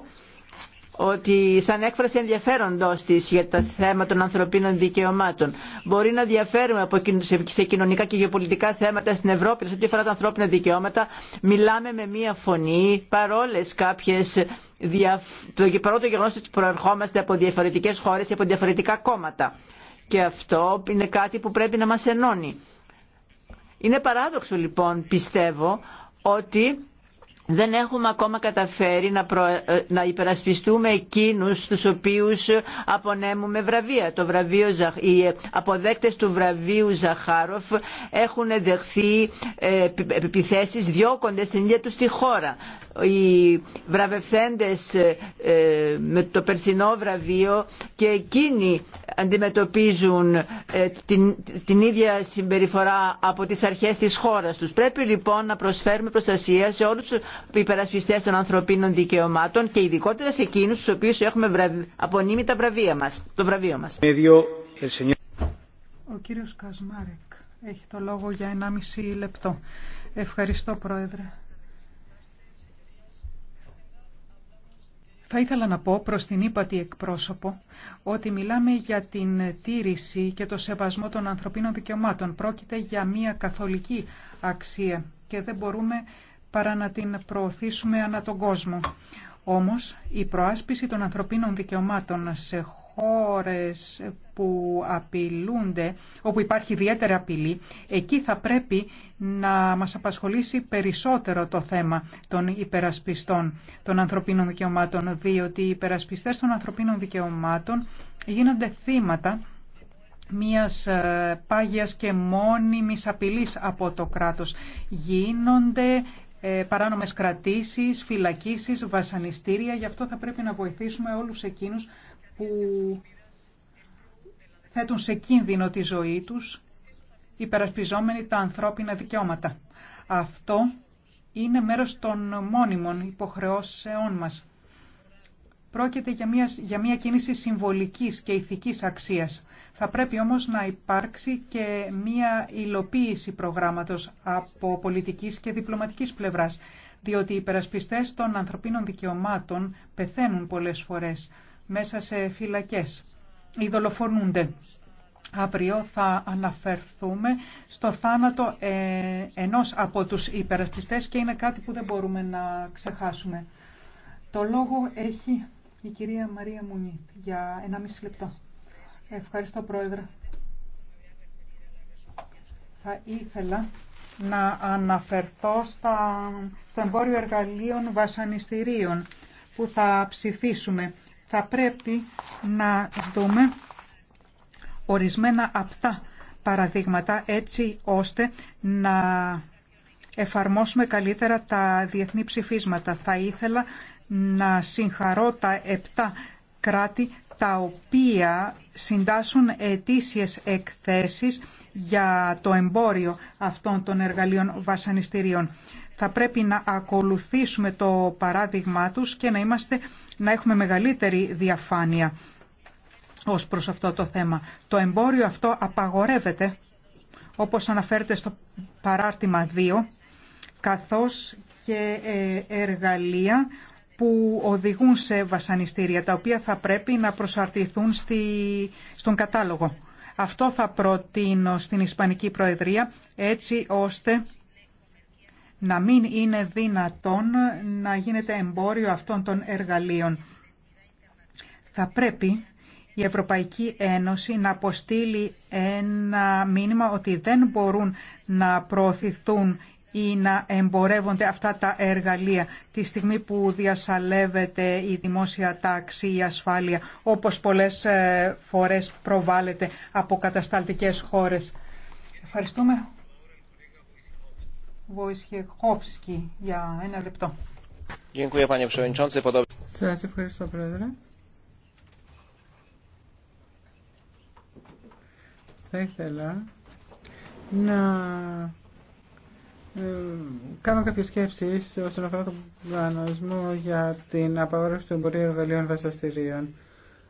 ότι σαν έκφραση ενδιαφέροντός της για τα θέματα των ανθρωπίνων δικαιωμάτων. Μπορεί να διαφέρουμε από σε κοινωνικά και γεωπολιτικά θέματα στην Ευρώπη, σε ό,τι αφορά τα ανθρώπινα δικαιώματα, μιλάμε με μία φωνή, παρόλες κάποιες διαφ... παρόλο το γεγονός ότι προερχόμαστε από διαφορετικές χώρες και από διαφορετικά κόμματα. Και αυτό είναι κάτι που πρέπει να μας ενώνει. Είναι παράδοξο λοιπόν πιστεύω ότι δεν έχουμε ακόμα καταφέρει να, ε, να υπερασπιστούμε εκείνους τους οποίους απονέμουμε βραβεία. Το βραβείο Οι ε, αποδέκτες του βραβείου Ζαχάροφ έχουν δεχθεί ε, επιθέσεις διώκονται την ίδια τους τη χώρα. Οι βραβευθέντες με το περσινό βραβείο και εκείνοι αντιμετωπίζουν την, την ίδια συμπεριφορά από τις αρχές της χώρας τους. Πρέπει λοιπόν να προσφέρουμε προστασία σε όλους υπερασπιστές των ανθρωπίνων δικαιωμάτων και ειδικότερα σε εκείνους στους οποίους έχουμε βραβ... απονείμει τα βραβεία μας, το βραβείο μας. Ε, Ο κύριος Κασμάρεκ έχει το λόγο για 1,5 λεπτό. Ευχαριστώ Πρόεδρε. Θα ήθελα να πω προς την ύπατη εκπρόσωπο ότι μιλάμε για την τήρηση και το σεβασμό των ανθρωπίνων δικαιωμάτων. Πρόκειται για μια καθολική αξία και δεν μπορούμε παρά να την προωθήσουμε ανά τον κόσμο. Όμως, η προάσπιση των ανθρωπίνων δικαιωμάτων σε χώρες που απειλούνται, όπου υπάρχει ιδιαίτερη απειλή, εκεί θα πρέπει να μας απασχολήσει περισσότερο το θέμα των υπερασπιστών των ανθρωπίνων δικαιωμάτων, διότι οι υπερασπιστές των ανθρωπίνων δικαιωμάτων γίνονται θύματα μιας ε, πάγιας και μόνιμης απειλής από το κράτος. Γίνονται ε, παράνομες κρατήσεις, φυλακίσεις, βασανιστήρια. Γι' αυτό θα πρέπει να βοηθήσουμε όλους εκείνους που θέτουν σε κίνδυνο τη ζωή τους υπερασπιζόμενοι τα ανθρώπινα δικαιώματα. Αυτό είναι μέρος των μόνιμων υποχρεώσεών μας. Πρόκειται για μια, κίνηση συμβολικής και ηθικής αξίας θα πρέπει όμως να υπάρξει και μία υλοποίηση προγράμματος από πολιτικής και διπλωματικής πλευράς, διότι οι υπερασπιστές των ανθρωπίνων δικαιωμάτων πεθαίνουν πολλές φορές μέσα σε φυλακές ή δολοφονούνται. Αύριο θα αναφερθούμε στο θάνατο ε, ενός από τους υπερασπιστές και είναι κάτι που δεν μπορούμε να ξεχάσουμε. Το λόγο έχει η κυρία Μαρία Μουνή για 1,5 λεπτό. Ευχαριστώ, Πρόεδρε. Θα ήθελα να αναφερθώ στα, στο εμπόριο εργαλείων βασανιστήριων που θα ψηφίσουμε. Θα πρέπει να δούμε ορισμένα απτά παραδείγματα έτσι ώστε να εφαρμόσουμε καλύτερα τα διεθνή ψηφίσματα. Θα ήθελα να συγχαρώ τα επτά κράτη τα οποία συντάσσουν ετήσιες εκθέσεις για το εμπόριο αυτών των εργαλείων βασανιστήριων. Θα πρέπει να ακολουθήσουμε το παράδειγμά τους και να, είμαστε, να έχουμε μεγαλύτερη διαφάνεια ως προς αυτό το θέμα. Το εμπόριο αυτό απαγορεύεται, όπως αναφέρεται στο παράρτημα 2, καθώς και ε, εργαλεία που οδηγούν σε βασανιστήρια, τα οποία θα πρέπει να προσαρτηθούν στη, στον κατάλογο. Αυτό θα προτείνω στην Ισπανική Προεδρία, έτσι ώστε να μην είναι δυνατόν να γίνεται εμπόριο αυτών των εργαλείων. Θα πρέπει η Ευρωπαϊκή Ένωση να αποστείλει ένα μήνυμα ότι δεν μπορούν να προωθηθούν ή να εμπορεύονται αυτά τα εργαλεία τη στιγμή που διασαλεύεται η δημόσια τάξη, η ασφάλεια, όπως πολλές ε, φορές προβάλλεται από κατασταλτικές χώρες. Ευχαριστούμε. Βοησχεχόφσκι για ένα λεπτό. Σας ευχαριστώ, Πρόεδρε. Θα ήθελα να κάνω κάποιες σκέψεις όσον αφορά τον πλανοσμό για την απαγόρευση του εμπορίου εργαλείων βασαστηρίων.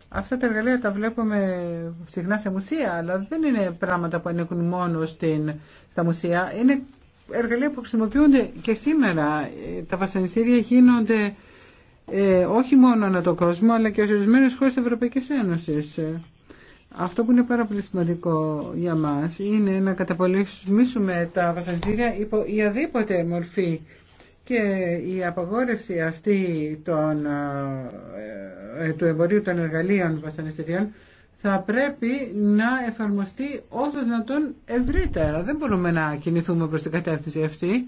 Αυτά τα εργαλεία τα βλέπουμε συχνά σε μουσεία, αλλά δεν είναι πράγματα που ανήκουν μόνο στην, στα μουσεία. Είναι εργαλεία που χρησιμοποιούνται και σήμερα. Τα βασανιστήρια γίνονται ε, όχι μόνο ανά τον κόσμο, αλλά και σε ορισμένε χώρε τη Ευρωπαϊκή Ένωση. Αυτό που είναι πάρα πολύ σημαντικό για μας είναι να καταπολεμήσουμε τα βασανιστήρια η οποιαδήποτε μορφή και η απαγόρευση αυτή των, ε, ε, του εμπορίου των εργαλείων βασανιστήριων θα πρέπει να εφαρμοστεί όσο δυνατόν ευρύτερα. Δεν μπορούμε να κινηθούμε προς την κατεύθυνση αυτή.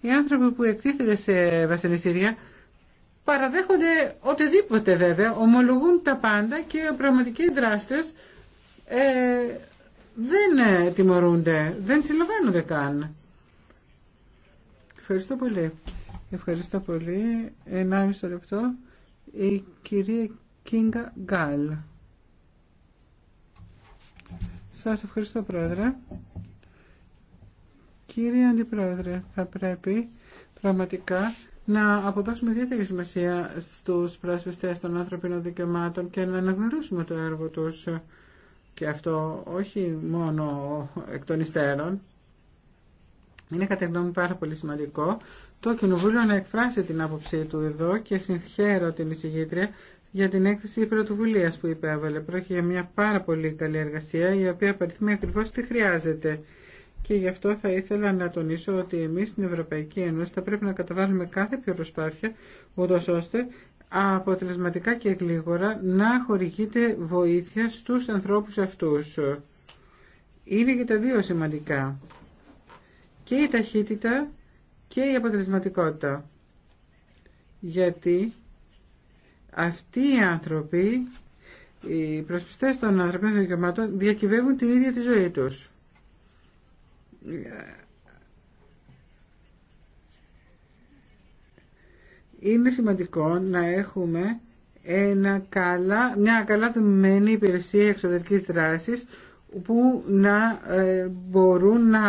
Οι άνθρωποι που εκτίθεται σε βασανιστήρια παραδέχονται οτιδήποτε βέβαια, ομολογούν τα πάντα και οι πραγματικοί δράστες ε, δεν ε, τιμωρούνται, δεν συλλαμβάνονται καν. Ευχαριστώ πολύ. Ευχαριστώ πολύ. Ένα μισό λεπτό. Η κυρία Κίνγκα Γκάλ. Σας ευχαριστώ πρόεδρε. Κύριε Αντιπρόεδρε, θα πρέπει πραγματικά να αποδώσουμε ιδιαίτερη σημασία στους πρόσφυστές των ανθρωπίνων δικαιωμάτων και να αναγνωρίσουμε το έργο τους και αυτό όχι μόνο εκ των υστέρων, είναι κατά γνώμη πάρα πολύ σημαντικό το Κοινοβούλιο να εκφράσει την άποψή του εδώ και συγχαίρω την εισηγήτρια για την έκθεση πρωτοβουλία που υπέβαλε. Πρόκειται για μια πάρα πολύ καλή εργασία η οποία απαριθμεί ακριβώ τι χρειάζεται. Και γι' αυτό θα ήθελα να τονίσω ότι εμεί στην Ευρωπαϊκή Ένωση θα πρέπει να καταβάλουμε κάθε πιο προσπάθεια, ούτω ώστε αποτελεσματικά και γλίγορα να χορηγείται βοήθεια στους ανθρώπους αυτούς. Είναι και τα δύο σημαντικά. Και η ταχύτητα και η αποτελεσματικότητα. Γιατί αυτοί οι άνθρωποι, οι προσπιστές των ανθρωπίνων δικαιωμάτων, διακυβεύουν την ίδια τη ζωή τους. είναι σημαντικό να έχουμε ένα καλά, μια καλά δομημένη υπηρεσία εξωτερικής δράσης που να ε, μπορούν να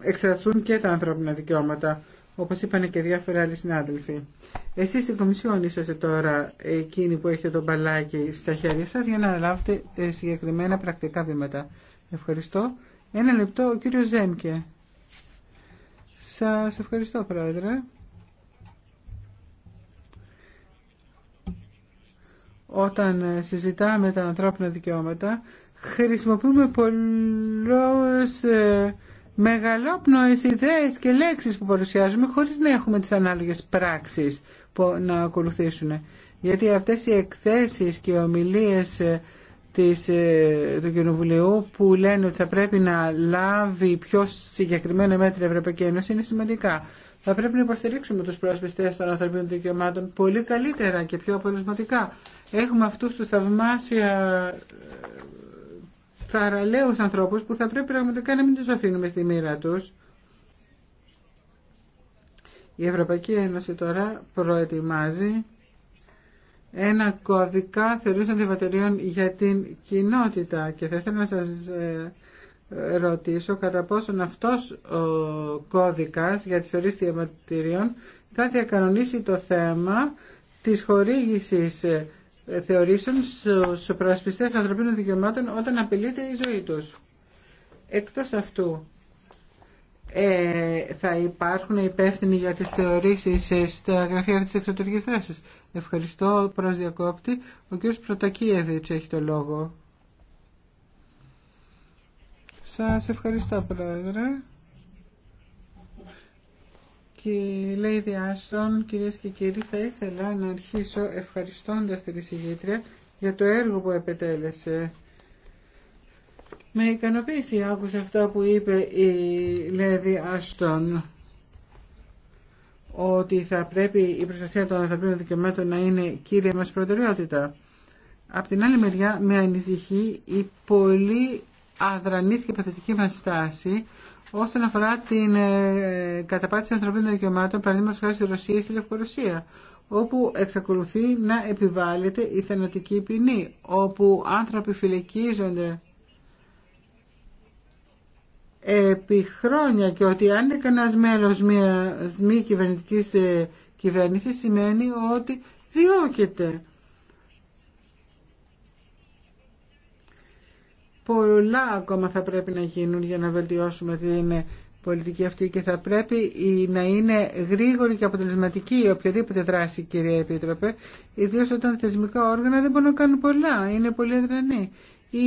εξαρθούν και τα ανθρώπινα δικαιώματα όπως είπαν και διάφορα άλλοι συνάδελφοι. Εσείς στην Κομισιόν είσαστε τώρα εκείνη που έχετε τον μπαλάκι στα χέρια σας για να αναλάβετε ε, συγκεκριμένα πρακτικά βήματα. Ευχαριστώ. Ένα λεπτό ο κύριος Ζένκε. Σας ευχαριστώ πρόεδρε. όταν ε, συζητάμε τα ανθρώπινα δικαιώματα χρησιμοποιούμε πολλούς ε, μεγαλόπνοες ιδέες και λέξεις που παρουσιάζουμε χωρίς να έχουμε τις ανάλογες πράξεις που να ακολουθήσουν. Γιατί αυτές οι εκθέσεις και οι ομιλίες ε, της, ε, του Κοινοβουλίου που λένε ότι θα πρέπει να λάβει πιο συγκεκριμένα μέτρα η Ευρωπαϊκή Ένωση είναι σημαντικά. Θα πρέπει να υποστηρίξουμε τους πρόσπιστές των ανθρωπίνων δικαιωμάτων πολύ καλύτερα και πιο αποτελεσματικά. Έχουμε αυτούς τους θαυμάσια ε, θαραλέους ανθρώπους που θα πρέπει πραγματικά να μην τους αφήνουμε στη μοίρα τους. Η Ευρωπαϊκή Ένωση τώρα προετοιμάζει ένα κώδικα θεωρήσεων διαβατηρίων για την κοινότητα και θα ήθελα να σας ε, ρωτήσω κατά πόσον αυτός ο κώδικας για τις θεωρίες διαβατηρίων θα διακανονίσει το θέμα της χορήγησης ε, θεωρήσεων στους προασπιστές ανθρωπίνων δικαιωμάτων όταν απειλείται η ζωή τους. Εκτός αυτού, ε, θα υπάρχουν υπεύθυνοι για τις θεωρήσεις στα γραφεία της εξωτερικής δράσης. Ευχαριστώ προς διακόπτη. Ο κ. Πρωτακίεβιτς έχει το λόγο. Σας ευχαριστώ πρόεδρε. Και λέει Άστον, κυρίες και κύριοι, θα ήθελα να αρχίσω ευχαριστώντας την εισηγήτρια για το έργο που επετέλεσε. Με ικανοποίηση άκουσα αυτά που είπε η Λέδη Άστον ότι θα πρέπει η προστασία των ανθρωπίνων δικαιωμάτων να είναι κύρια μας προτεραιότητα. Απ' την άλλη μεριά με ανησυχεί η πολύ αδρανής και παθητική μας στάση όσον αφορά την ε, καταπάτηση ανθρωπίνων δικαιωμάτων, παραδείγματος χάρη στη Ρωσία ή στη Λευκορωσία, όπου εξακολουθεί να επιβάλλεται η θανατική ποινή, επιβαλλεται η θενατικη άνθρωποι φυλακίζονται επί χρόνια και ότι αν είναι κανένα μέλος μιας μη κυβερνητικής ε, κυβέρνησης σημαίνει ότι διώκεται. Πολλά ακόμα θα πρέπει να γίνουν για να βελτιώσουμε την πολιτική αυτή και θα πρέπει να είναι γρήγορη και αποτελεσματική η οποιαδήποτε δράση, κυρία Επίτροπε, ιδίω όταν τα θεσμικά όργανα δεν μπορούν να κάνουν πολλά, είναι πολύ αδρανή η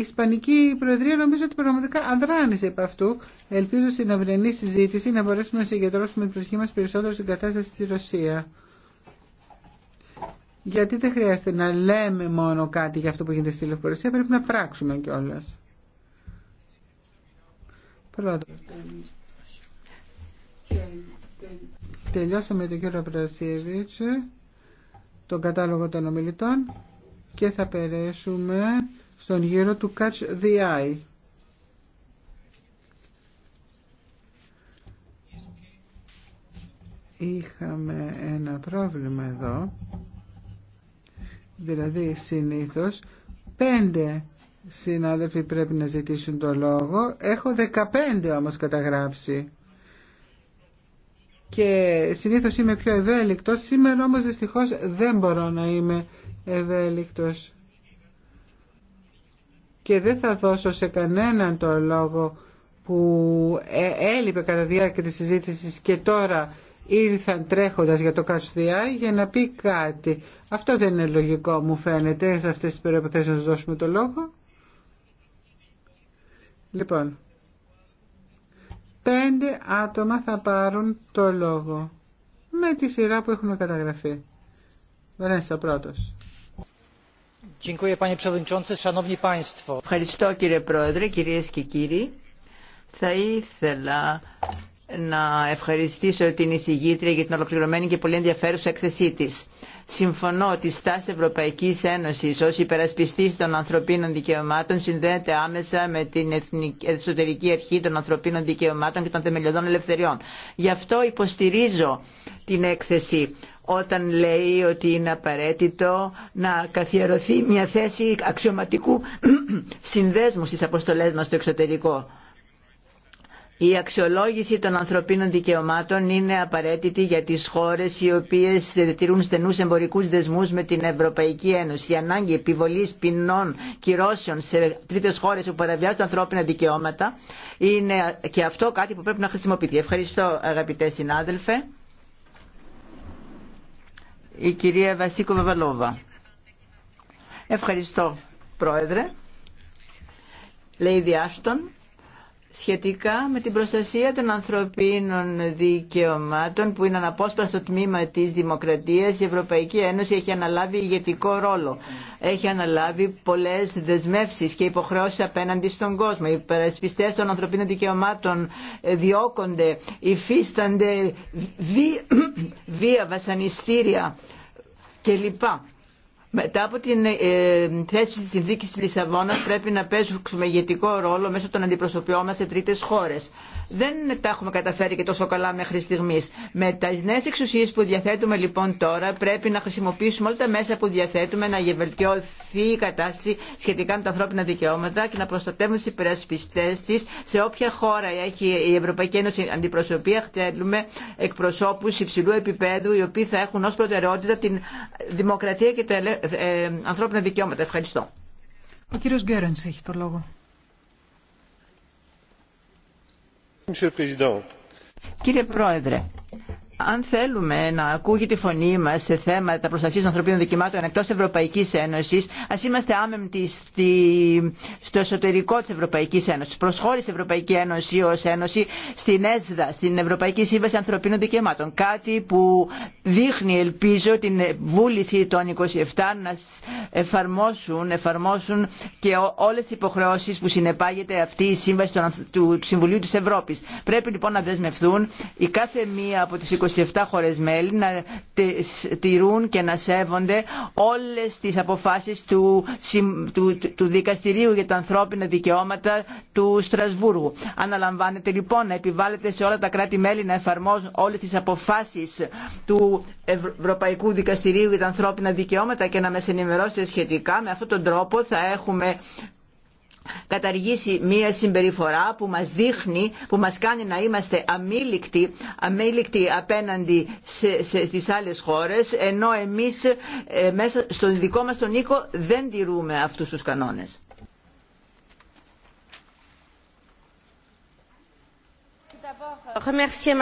Ισπανική Προεδρία νομίζω ότι πραγματικά αδράνησε από αυτού. Ελπίζω στην αυριανή συζήτηση να μπορέσουμε να συγκεντρώσουμε την προσοχή μα περισσότερο στην κατάσταση στη Ρωσία. Γιατί δεν χρειάζεται να λέμε μόνο κάτι για αυτό που γίνεται στη Λευκορωσία, πρέπει να πράξουμε κιόλα. Τελειώσαμε τον κύριο Πρασίεβιτς, τον κατάλογο των ομιλητών και θα περάσουμε στον γύρο του Catch the Eye. Είχαμε ένα πρόβλημα εδώ. Δηλαδή συνήθως πέντε συνάδελφοι πρέπει να ζητήσουν το λόγο. Έχω δεκαπέντε όμως καταγράψει. Και συνήθως είμαι πιο ευέλικτος. Σήμερα όμως δυστυχώς δεν μπορώ να είμαι ευέλικτος και δεν θα δώσω σε κανέναν το λόγο που ε, έλειπε κατά διάρκεια της συζήτησης και τώρα ήρθαν τρέχοντας για το Καστιά για να πει κάτι. Αυτό δεν είναι λογικό μου φαίνεται σε αυτές τις περιποθέσεις να σας δώσουμε το λόγο. Λοιπόν, πέντε άτομα θα πάρουν το λόγο με τη σειρά που έχουμε καταγραφεί. Βανέσα πρώτος. Ευχαριστώ κύριε Πρόεδρε, κυρίες και κύριοι. Θα ήθελα να ευχαριστήσω την εισηγήτρια για την ολοκληρωμένη και πολύ ενδιαφέρουσα έκθεσή της. Συμφωνώ ότι η στάση Ευρωπαϊκής Ένωσης ως υπερασπιστής των ανθρωπίνων δικαιωμάτων συνδέεται άμεσα με την εσωτερική αρχή των ανθρωπίνων δικαιωμάτων και των θεμελιωδών ελευθεριών. Γι' αυτό υποστηρίζω την έκθεση όταν λέει ότι είναι απαραίτητο να καθιερωθεί μια θέση αξιωματικού <clears throat> συνδέσμου στις αποστολές μας στο εξωτερικό. Η αξιολόγηση των ανθρωπίνων δικαιωμάτων είναι απαραίτητη για τις χώρες οι οποίες διατηρούν στενούς εμπορικούς δεσμούς με την Ευρωπαϊκή Ένωση. Η ανάγκη επιβολής ποινών κυρώσεων σε τρίτες χώρες που παραβιάζουν ανθρώπινα δικαιώματα είναι και αυτό κάτι που πρέπει να χρησιμοποιηθεί. Ευχαριστώ αγαπητέ συνάδελφε η κυρία Βασίκο Βαβαλόβα. Ευχαριστώ, Πρόεδρε. Λέει διάστον σχετικά με την προστασία των ανθρωπίνων δικαιωμάτων που είναι αναπόσπαστο τμήμα της δημοκρατίας η Ευρωπαϊκή Ένωση έχει αναλάβει ηγετικό ρόλο έχει αναλάβει πολλές δεσμεύσεις και υποχρεώσεις απέναντι στον κόσμο οι υπερασπιστές των ανθρωπίνων δικαιωμάτων διώκονται υφίστανται βία βασανιστήρια κλπ μετά από την ε, θέση της συνθήκη της Λισαβόνας πρέπει να παίζουμε ηγετικό ρόλο μέσω των αντιπροσωπιών μας σε τρίτες χώρες δεν τα έχουμε καταφέρει και τόσο καλά μέχρι στιγμή. Με τι νέε εξουσίε που διαθέτουμε λοιπόν τώρα πρέπει να χρησιμοποιήσουμε όλα τα μέσα που διαθέτουμε να βελτιωθεί η κατάσταση σχετικά με τα ανθρώπινα δικαιώματα και να προστατεύουν του υπερασπιστέ τη σε όποια χώρα έχει η Ευρωπαϊκή Ένωση αντιπροσωπεία. Θέλουμε εκπροσώπου υψηλού επίπεδου οι οποίοι θα έχουν ω προτεραιότητα την δημοκρατία και τα ε, ε, ανθρώπινα δικαιώματα. Ευχαριστώ. Ο κύριος Γκέρενς έχει το λόγο. Κύριε Πρόεδρε, αν θέλουμε να ακούγει τη φωνή μα σε θέματα προστασία των ανθρωπίνων δικαιωμάτων εκτό Ευρωπαϊκή Ένωση, α είμαστε άμεμπτοι στη... στο εσωτερικό τη Ευρωπαϊκή Ένωση. Προσχώρησε η Ευρωπαϊκή Ένωση ω Ένωση στην ΕΣΔΑ, στην Ευρωπαϊκή Σύμβαση Ανθρωπίνων Δικαιωμάτων. Κάτι που δείχνει, ελπίζω, την βούληση των 27 να εφαρμόσουν, εφαρμόσουν και όλε τι υποχρεώσει που συνεπάγεται αυτή η Σύμβαση του Συμβουλίου τη Ευρώπη. Πρέπει λοιπόν να δεσμευθούν η κάθε μία από τι 27 χώρες μέλη να τηρούν και να σέβονται όλες τις αποφάσεις του, του, του Δικαστηρίου για τα Ανθρώπινα Δικαιώματα του Στρασβούργου. Αναλαμβάνεται λοιπόν να επιβάλλεται σε όλα τα κράτη-μέλη να εφαρμόζουν όλες τις αποφάσεις του Ευρωπαϊκού Δικαστηρίου για τα Ανθρώπινα Δικαιώματα και να με ενημερώσετε σχετικά. Με αυτόν τον τρόπο θα έχουμε καταργήσει μία συμπεριφορά που μας δείχνει, που μας κάνει να είμαστε αμήλικτοι, αμήλικτοι απέναντι σε, στις άλλες χώρες, ενώ εμείς ε, μέσα στον δικό μας τον οίκο δεν τηρούμε αυτούς τους κανόνες.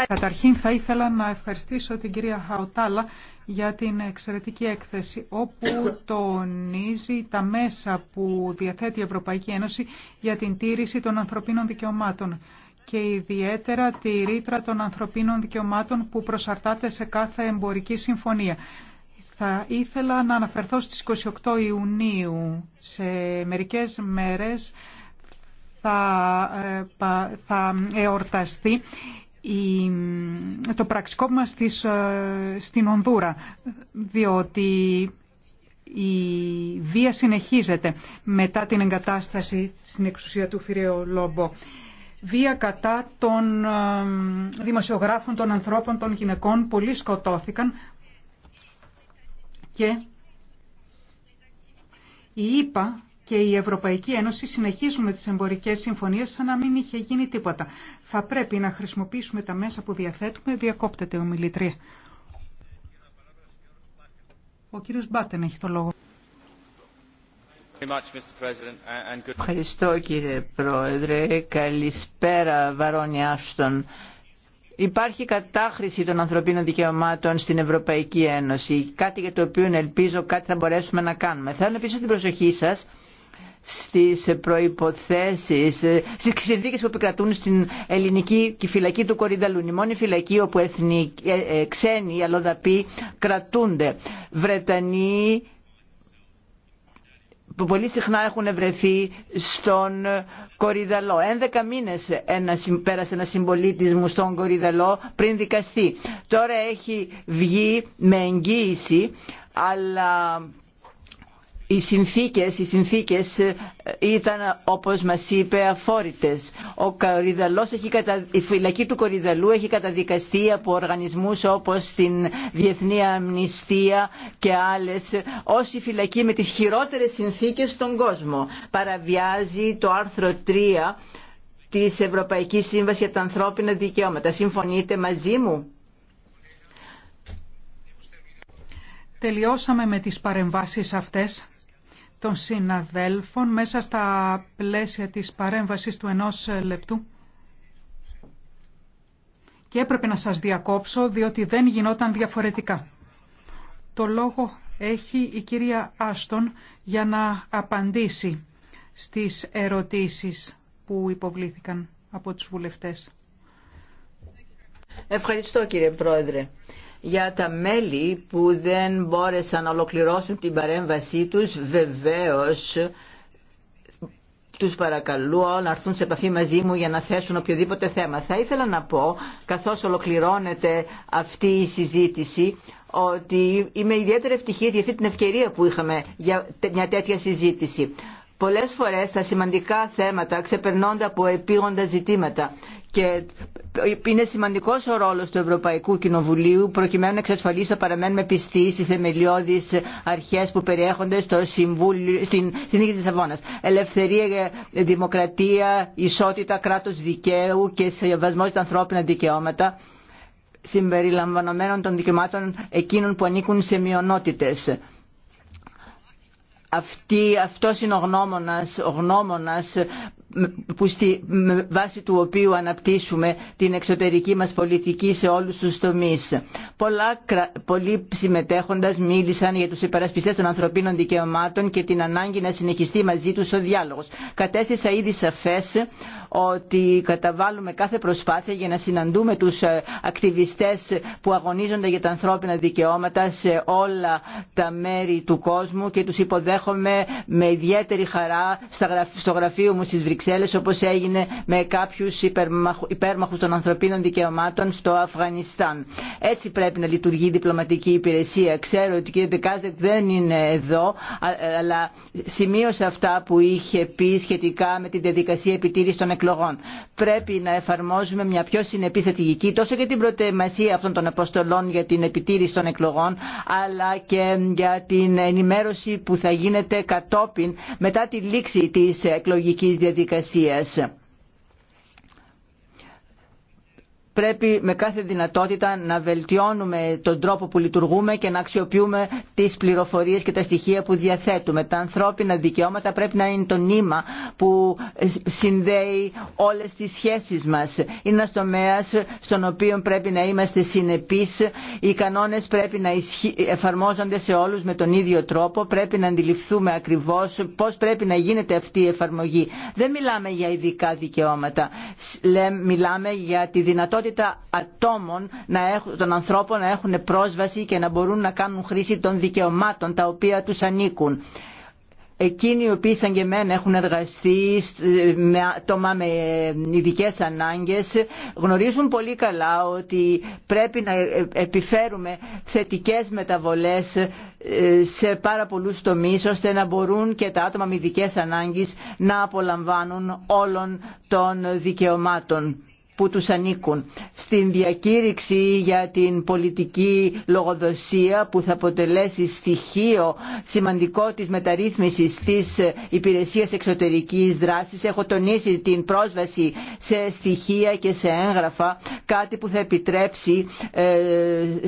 Καταρχήν θα ήθελα να ευχαριστήσω την κυρία Χαουτάλα για την εξαιρετική έκθεση όπου τονίζει τα μέσα που διαθέτει η Ευρωπαϊκή Ένωση για την τήρηση των ανθρωπίνων δικαιωμάτων και ιδιαίτερα τη ρήτρα των ανθρωπίνων δικαιωμάτων που προσαρτάται σε κάθε εμπορική συμφωνία. Θα ήθελα να αναφερθώ στις 28 Ιουνίου. Σε μερικές μέρες θα, ε, θα εορταστεί το πραξικόπημα στις, ε, στην Ονδούρα, διότι η βία συνεχίζεται μετά την εγκατάσταση στην εξουσία του Φιρέο Βία κατά των ε, δημοσιογράφων, των ανθρώπων, των γυναικών, πολλοί σκοτώθηκαν και η ΕΠΑ και η Ευρωπαϊκή Ένωση με τις εμπορικές συμφωνίες σαν να μην είχε γίνει τίποτα. Θα πρέπει να χρησιμοποιήσουμε τα μέσα που διαθέτουμε. Διακόπτεται ο μιλήτρια. Ο κύριος Μπάτεν έχει το λόγο. Ευχαριστώ κύριε Πρόεδρε. Καλησπέρα Βαρόνι Άστον. Υπάρχει κατάχρηση των ανθρωπίνων δικαιωμάτων στην Ευρωπαϊκή Ένωση. Κάτι για το οποίο ελπίζω κάτι θα μπορέσουμε να κάνουμε. Θέλω να την προσοχή σας στις προϋποθέσεις, στις συνθήκες που επικρατούν στην ελληνική φυλακή του Κορυδαλού. Η μόνη φυλακή όπου εθνικοί, ε, ε, ξένοι αλλοδαποί κρατούνται. Βρετανοί που πολύ συχνά έχουν βρεθεί στον Κορυδαλό. Ένδεκα μήνες ένα, πέρασε ένα συμπολίτη μου στον Κορυδαλό πριν δικαστεί. Τώρα έχει βγει με εγγύηση, αλλά οι συνθήκες, οι συνθήκες ε, ήταν όπως μας είπε αφόρητες. Ο Κορυδαλός έχει κατα... Η φυλακή του Κορυδαλού έχει καταδικαστεί από οργανισμούς όπως την Διεθνή Αμνηστία και άλλες ως η φυλακή με τις χειρότερες συνθήκες στον κόσμο. Παραβιάζει το άρθρο 3 της Ευρωπαϊκής Σύμβασης για τα Ανθρώπινα Δικαιώματα. Συμφωνείτε μαζί μου. Τελειώσαμε με τις παρεμβάσεις αυτές των συναδέλφων μέσα στα πλαίσια της παρέμβασης του ενός λεπτού. Και έπρεπε να σας διακόψω διότι δεν γινόταν διαφορετικά. Το λόγο έχει η κυρία Άστον για να απαντήσει στις ερωτήσεις που υποβλήθηκαν από τους βουλευτές. Ευχαριστώ κύριε Πρόεδρε για τα μέλη που δεν μπόρεσαν να ολοκληρώσουν την παρέμβασή τους βεβαίως τους παρακαλώ να έρθουν σε επαφή μαζί μου για να θέσουν οποιοδήποτε θέμα. Θα ήθελα να πω, καθώς ολοκληρώνεται αυτή η συζήτηση, ότι είμαι ιδιαίτερα ευτυχής για αυτή την ευκαιρία που είχαμε για μια τέτοια συζήτηση. Πολλές φορές τα σημαντικά θέματα ξεπερνώνται από επίγοντα ζητήματα και είναι σημαντικό ο ρόλο του Ευρωπαϊκού Κοινοβουλίου προκειμένου να εξασφαλίσει ότι παραμένουμε πιστοί στι θεμελιώδει αρχέ που περιέχονται στο Συμβούλιο, στην Συνήθεια τη Αβώνα. Ελευθερία, δημοκρατία, ισότητα, κράτο δικαίου και σεβασμό στα ανθρώπινα δικαιώματα συμπεριλαμβανομένων των δικαιωμάτων εκείνων που ανήκουν σε μειονότητες αυτή, αυτός είναι ο γνώμονας, ο που στη, με βάση του οποίου αναπτύσσουμε την εξωτερική μας πολιτική σε όλους τους τομείς. Πολλά, πολλοί συμμετέχοντας μίλησαν για τους υπερασπιστές των ανθρωπίνων δικαιωμάτων και την ανάγκη να συνεχιστεί μαζί τους ο διάλογος. Κατέστησα ήδη σαφές ότι καταβάλουμε κάθε προσπάθεια για να συναντούμε τους ε, ακτιβιστές που αγωνίζονται για τα ανθρώπινα δικαιώματα σε όλα τα μέρη του κόσμου και τους υποδέχομαι με ιδιαίτερη χαρά στο γραφείο μου στις Βρυξέλλες όπως έγινε με κάποιους υπέρμαχους των ανθρωπίνων δικαιωμάτων στο Αφγανιστάν. Έτσι πρέπει να λειτουργεί η διπλωματική υπηρεσία. Ξέρω ότι ο κ. Δεκάζεκ δεν είναι εδώ αλλά σημείωσε αυτά που είχε πει σχετικά με την διαδικασία επιτήρηση των Πρέπει να εφαρμόζουμε μια πιο συνεπή στρατηγική τόσο για την προετοιμασία αυτών των αποστολών για την επιτήρηση των εκλογών αλλά και για την ενημέρωση που θα γίνεται κατόπιν μετά τη λήξη της εκλογικής διαδικασίας πρέπει με κάθε δυνατότητα να βελτιώνουμε τον τρόπο που λειτουργούμε και να αξιοποιούμε τις πληροφορίες και τα στοιχεία που διαθέτουμε. Τα ανθρώπινα δικαιώματα πρέπει να είναι το νήμα που συνδέει όλες τις σχέσεις μας. Είναι ένας τομέας στον οποίο πρέπει να είμαστε συνεπείς. Οι κανόνες πρέπει να εφαρμόζονται σε όλους με τον ίδιο τρόπο. Πρέπει να αντιληφθούμε ακριβώς πώς πρέπει να γίνεται αυτή η εφαρμογή. Δεν μιλάμε για ειδικά δικαιώματα. Μιλάμε για τη δυνατότητα δυνατότητα ατόμων να έχουν, των ανθρώπων να έχουν πρόσβαση και να μπορούν να κάνουν χρήση των δικαιωμάτων τα οποία τους ανήκουν. Εκείνοι οι οποίοι σαν και εμένα έχουν εργαστεί με άτομα με ειδικέ ανάγκες γνωρίζουν πολύ καλά ότι πρέπει να ε, επιφέρουμε θετικές μεταβολές ε, σε πάρα πολλούς τομείς ώστε να μπορούν και τα άτομα με ειδικέ ανάγκες να απολαμβάνουν όλων των δικαιωμάτων που τους ανήκουν. Στην διακήρυξη για την πολιτική λογοδοσία που θα αποτελέσει στοιχείο σημαντικό της μεταρρύθμισης της υπηρεσίας εξωτερικής δράσης έχω τονίσει την πρόσβαση σε στοιχεία και σε έγγραφα κάτι που θα επιτρέψει ε,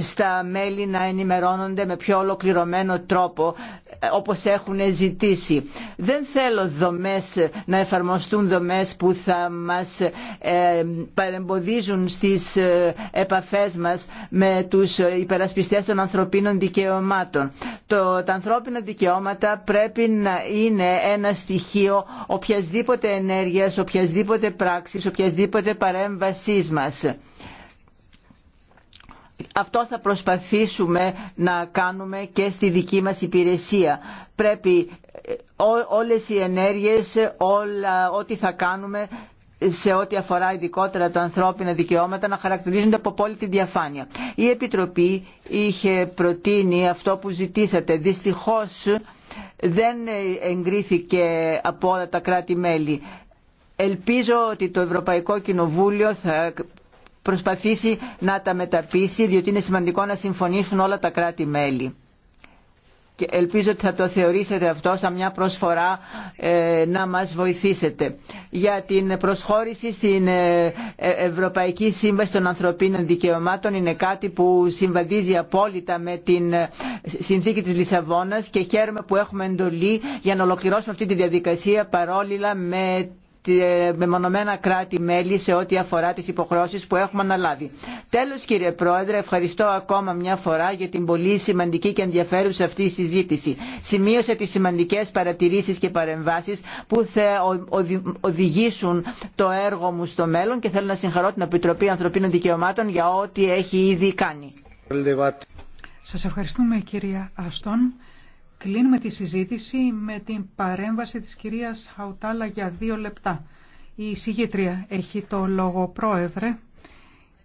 στα μέλη να ενημερώνονται με πιο ολοκληρωμένο τρόπο ε, όπως έχουν ζητήσει. Δεν θέλω δομές να εφαρμοστούν δομές που θα μας ε, παρεμποδίζουν στις ε, επαφές μας με τους ε, υπερασπιστές των ανθρωπίνων δικαιωμάτων. Το, τα ανθρώπινα δικαιώματα πρέπει να είναι ένα στοιχείο οποιασδήποτε ενέργειας, οποιασδήποτε πράξης, οποιασδήποτε παρέμβασής μας. Αυτό θα προσπαθήσουμε να κάνουμε και στη δική μας υπηρεσία. Πρέπει ε, ό, όλες οι ενέργειες, ό,τι θα κάνουμε σε ό,τι αφορά ειδικότερα τα ανθρώπινα δικαιώματα να χαρακτηρίζονται από απόλυτη διαφάνεια. Η Επιτροπή είχε προτείνει αυτό που ζητήσατε. Δυστυχώς δεν εγκρίθηκε από όλα τα κράτη-μέλη. Ελπίζω ότι το Ευρωπαϊκό Κοινοβούλιο θα προσπαθήσει να τα μεταπίσει, διότι είναι σημαντικό να συμφωνήσουν όλα τα κράτη-μέλη και ελπίζω ότι θα το θεωρήσετε αυτό σαν μια προσφορά ε, να μας βοηθήσετε για την προσχώρηση στην ε, ε, Ευρωπαϊκή Σύμβαση των Ανθρωπίνων Δικαιωμάτων είναι κάτι που συμβαδίζει απόλυτα με την συνθήκη της Λισαβόνας και χαίρομαι που έχουμε εντολή για να ολοκληρώσουμε αυτή τη διαδικασία παρόλυλα με μεμονωμένα κράτη-μέλη σε ό,τι αφορά τις υποχρεώσεις που έχουμε αναλάβει. Τέλος κύριε Πρόεδρε, ευχαριστώ ακόμα μια φορά για την πολύ σημαντική και ενδιαφέρουσα αυτή η συζήτηση. Σημείωσε τις σημαντικές παρατηρήσεις και παρεμβάσεις που θα οδηγήσουν το έργο μου στο μέλλον και θέλω να συγχαρώ την Επιτροπή Ανθρωπίνων Δικαιωμάτων για ό,τι έχει ήδη κάνει. Σας ευχαριστούμε κυρία Αστόν. Κλείνουμε τη συζήτηση με την παρέμβαση της κυρίας Χαουτάλα για δύο λεπτά. Η συγγήτρια έχει το λόγο πρόεδρε.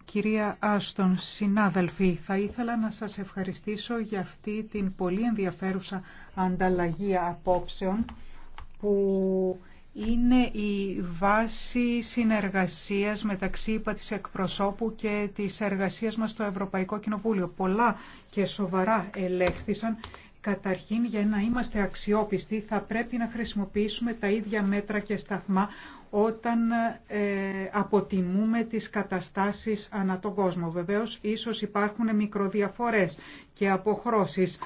Κυρία Άστον, συνάδελφοι, θα ήθελα να σας ευχαριστήσω για αυτή την πολύ ενδιαφέρουσα ανταλλαγή απόψεων που είναι η βάση συνεργασίας μεταξύ είπα, της εκπροσώπου και της εργασίας μας στο Ευρωπαϊκό Κοινοβούλιο. Πολλά και σοβαρά ελέγχθησαν Καταρχήν, για να είμαστε αξιόπιστοι, θα πρέπει να χρησιμοποιήσουμε τα ίδια μέτρα και σταθμά όταν ε, αποτιμούμε τις καταστάσεις ανά τον κόσμο. Βεβαίως, ίσως υπάρχουν μικροδιαφορές και αποχρώσεις,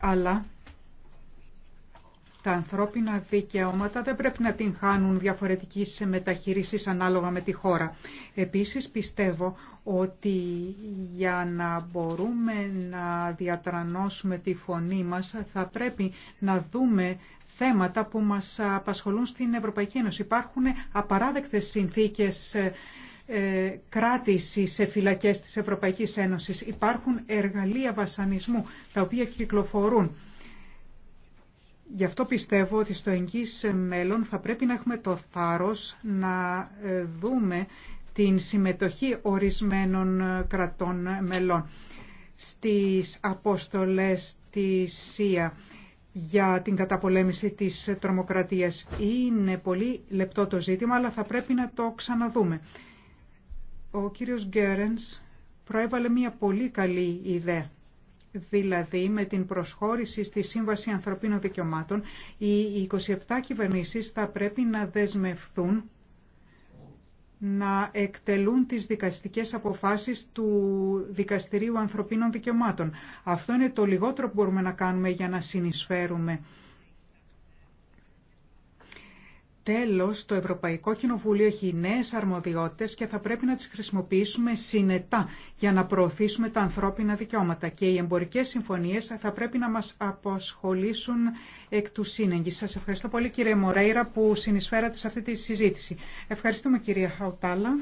αλλά τα ανθρώπινα δικαιώματα δεν πρέπει να την χάνουν σε μεταχειρήσεις ανάλογα με τη χώρα. Επίσης πιστεύω ότι για να μπορούμε να διατρανώσουμε τη φωνή μας θα πρέπει να δούμε θέματα που μας απασχολούν στην Ευρωπαϊκή Ένωση. Υπάρχουν απαράδεκτες συνθήκες ε, ε, κράτηση σε φυλακές της Ευρωπαϊκής Ένωσης. Υπάρχουν εργαλεία βασανισμού τα οποία κυκλοφορούν Γι' αυτό πιστεύω ότι στο εγγύς μέλλον θα πρέπει να έχουμε το θάρρος να ε, δούμε την συμμετοχή ορισμένων ε, κρατών μελών στις αποστολές της ΣΥΑ για την καταπολέμηση της τρομοκρατίας. Είναι πολύ λεπτό το ζήτημα, αλλά θα πρέπει να το ξαναδούμε. Ο κύριος Γκέρενς προέβαλε μια πολύ καλή ιδέα δηλαδή με την προσχώρηση στη Σύμβαση Ανθρωπίνων Δικαιωμάτων, οι 27 κυβερνήσεις θα πρέπει να δεσμευθούν να εκτελούν τις δικαστικές αποφάσεις του Δικαστηρίου Ανθρωπίνων Δικαιωμάτων. Αυτό είναι το λιγότερο που μπορούμε να κάνουμε για να συνεισφέρουμε Τέλος, το Ευρωπαϊκό Κοινοβούλιο έχει νέες αρμοδιότητες και θα πρέπει να τις χρησιμοποιήσουμε συνετά για να προωθήσουμε τα ανθρώπινα δικαιώματα και οι εμπορικές συμφωνίες θα πρέπει να μας αποσχολήσουν εκ του σύνεγγυ. Σας ευχαριστώ πολύ κύριε Μορέιρα που συνεισφέρατε σε αυτή τη συζήτηση. Ευχαριστούμε κυρία Χαουτάλα.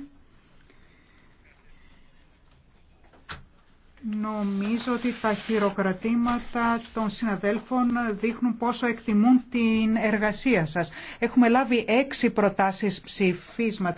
Νομίζω ότι τα χειροκρατήματα των συναδέλφων δείχνουν πόσο εκτιμούν την εργασία σας. Έχουμε λάβει έξι προτάσεις ψηφίσματα.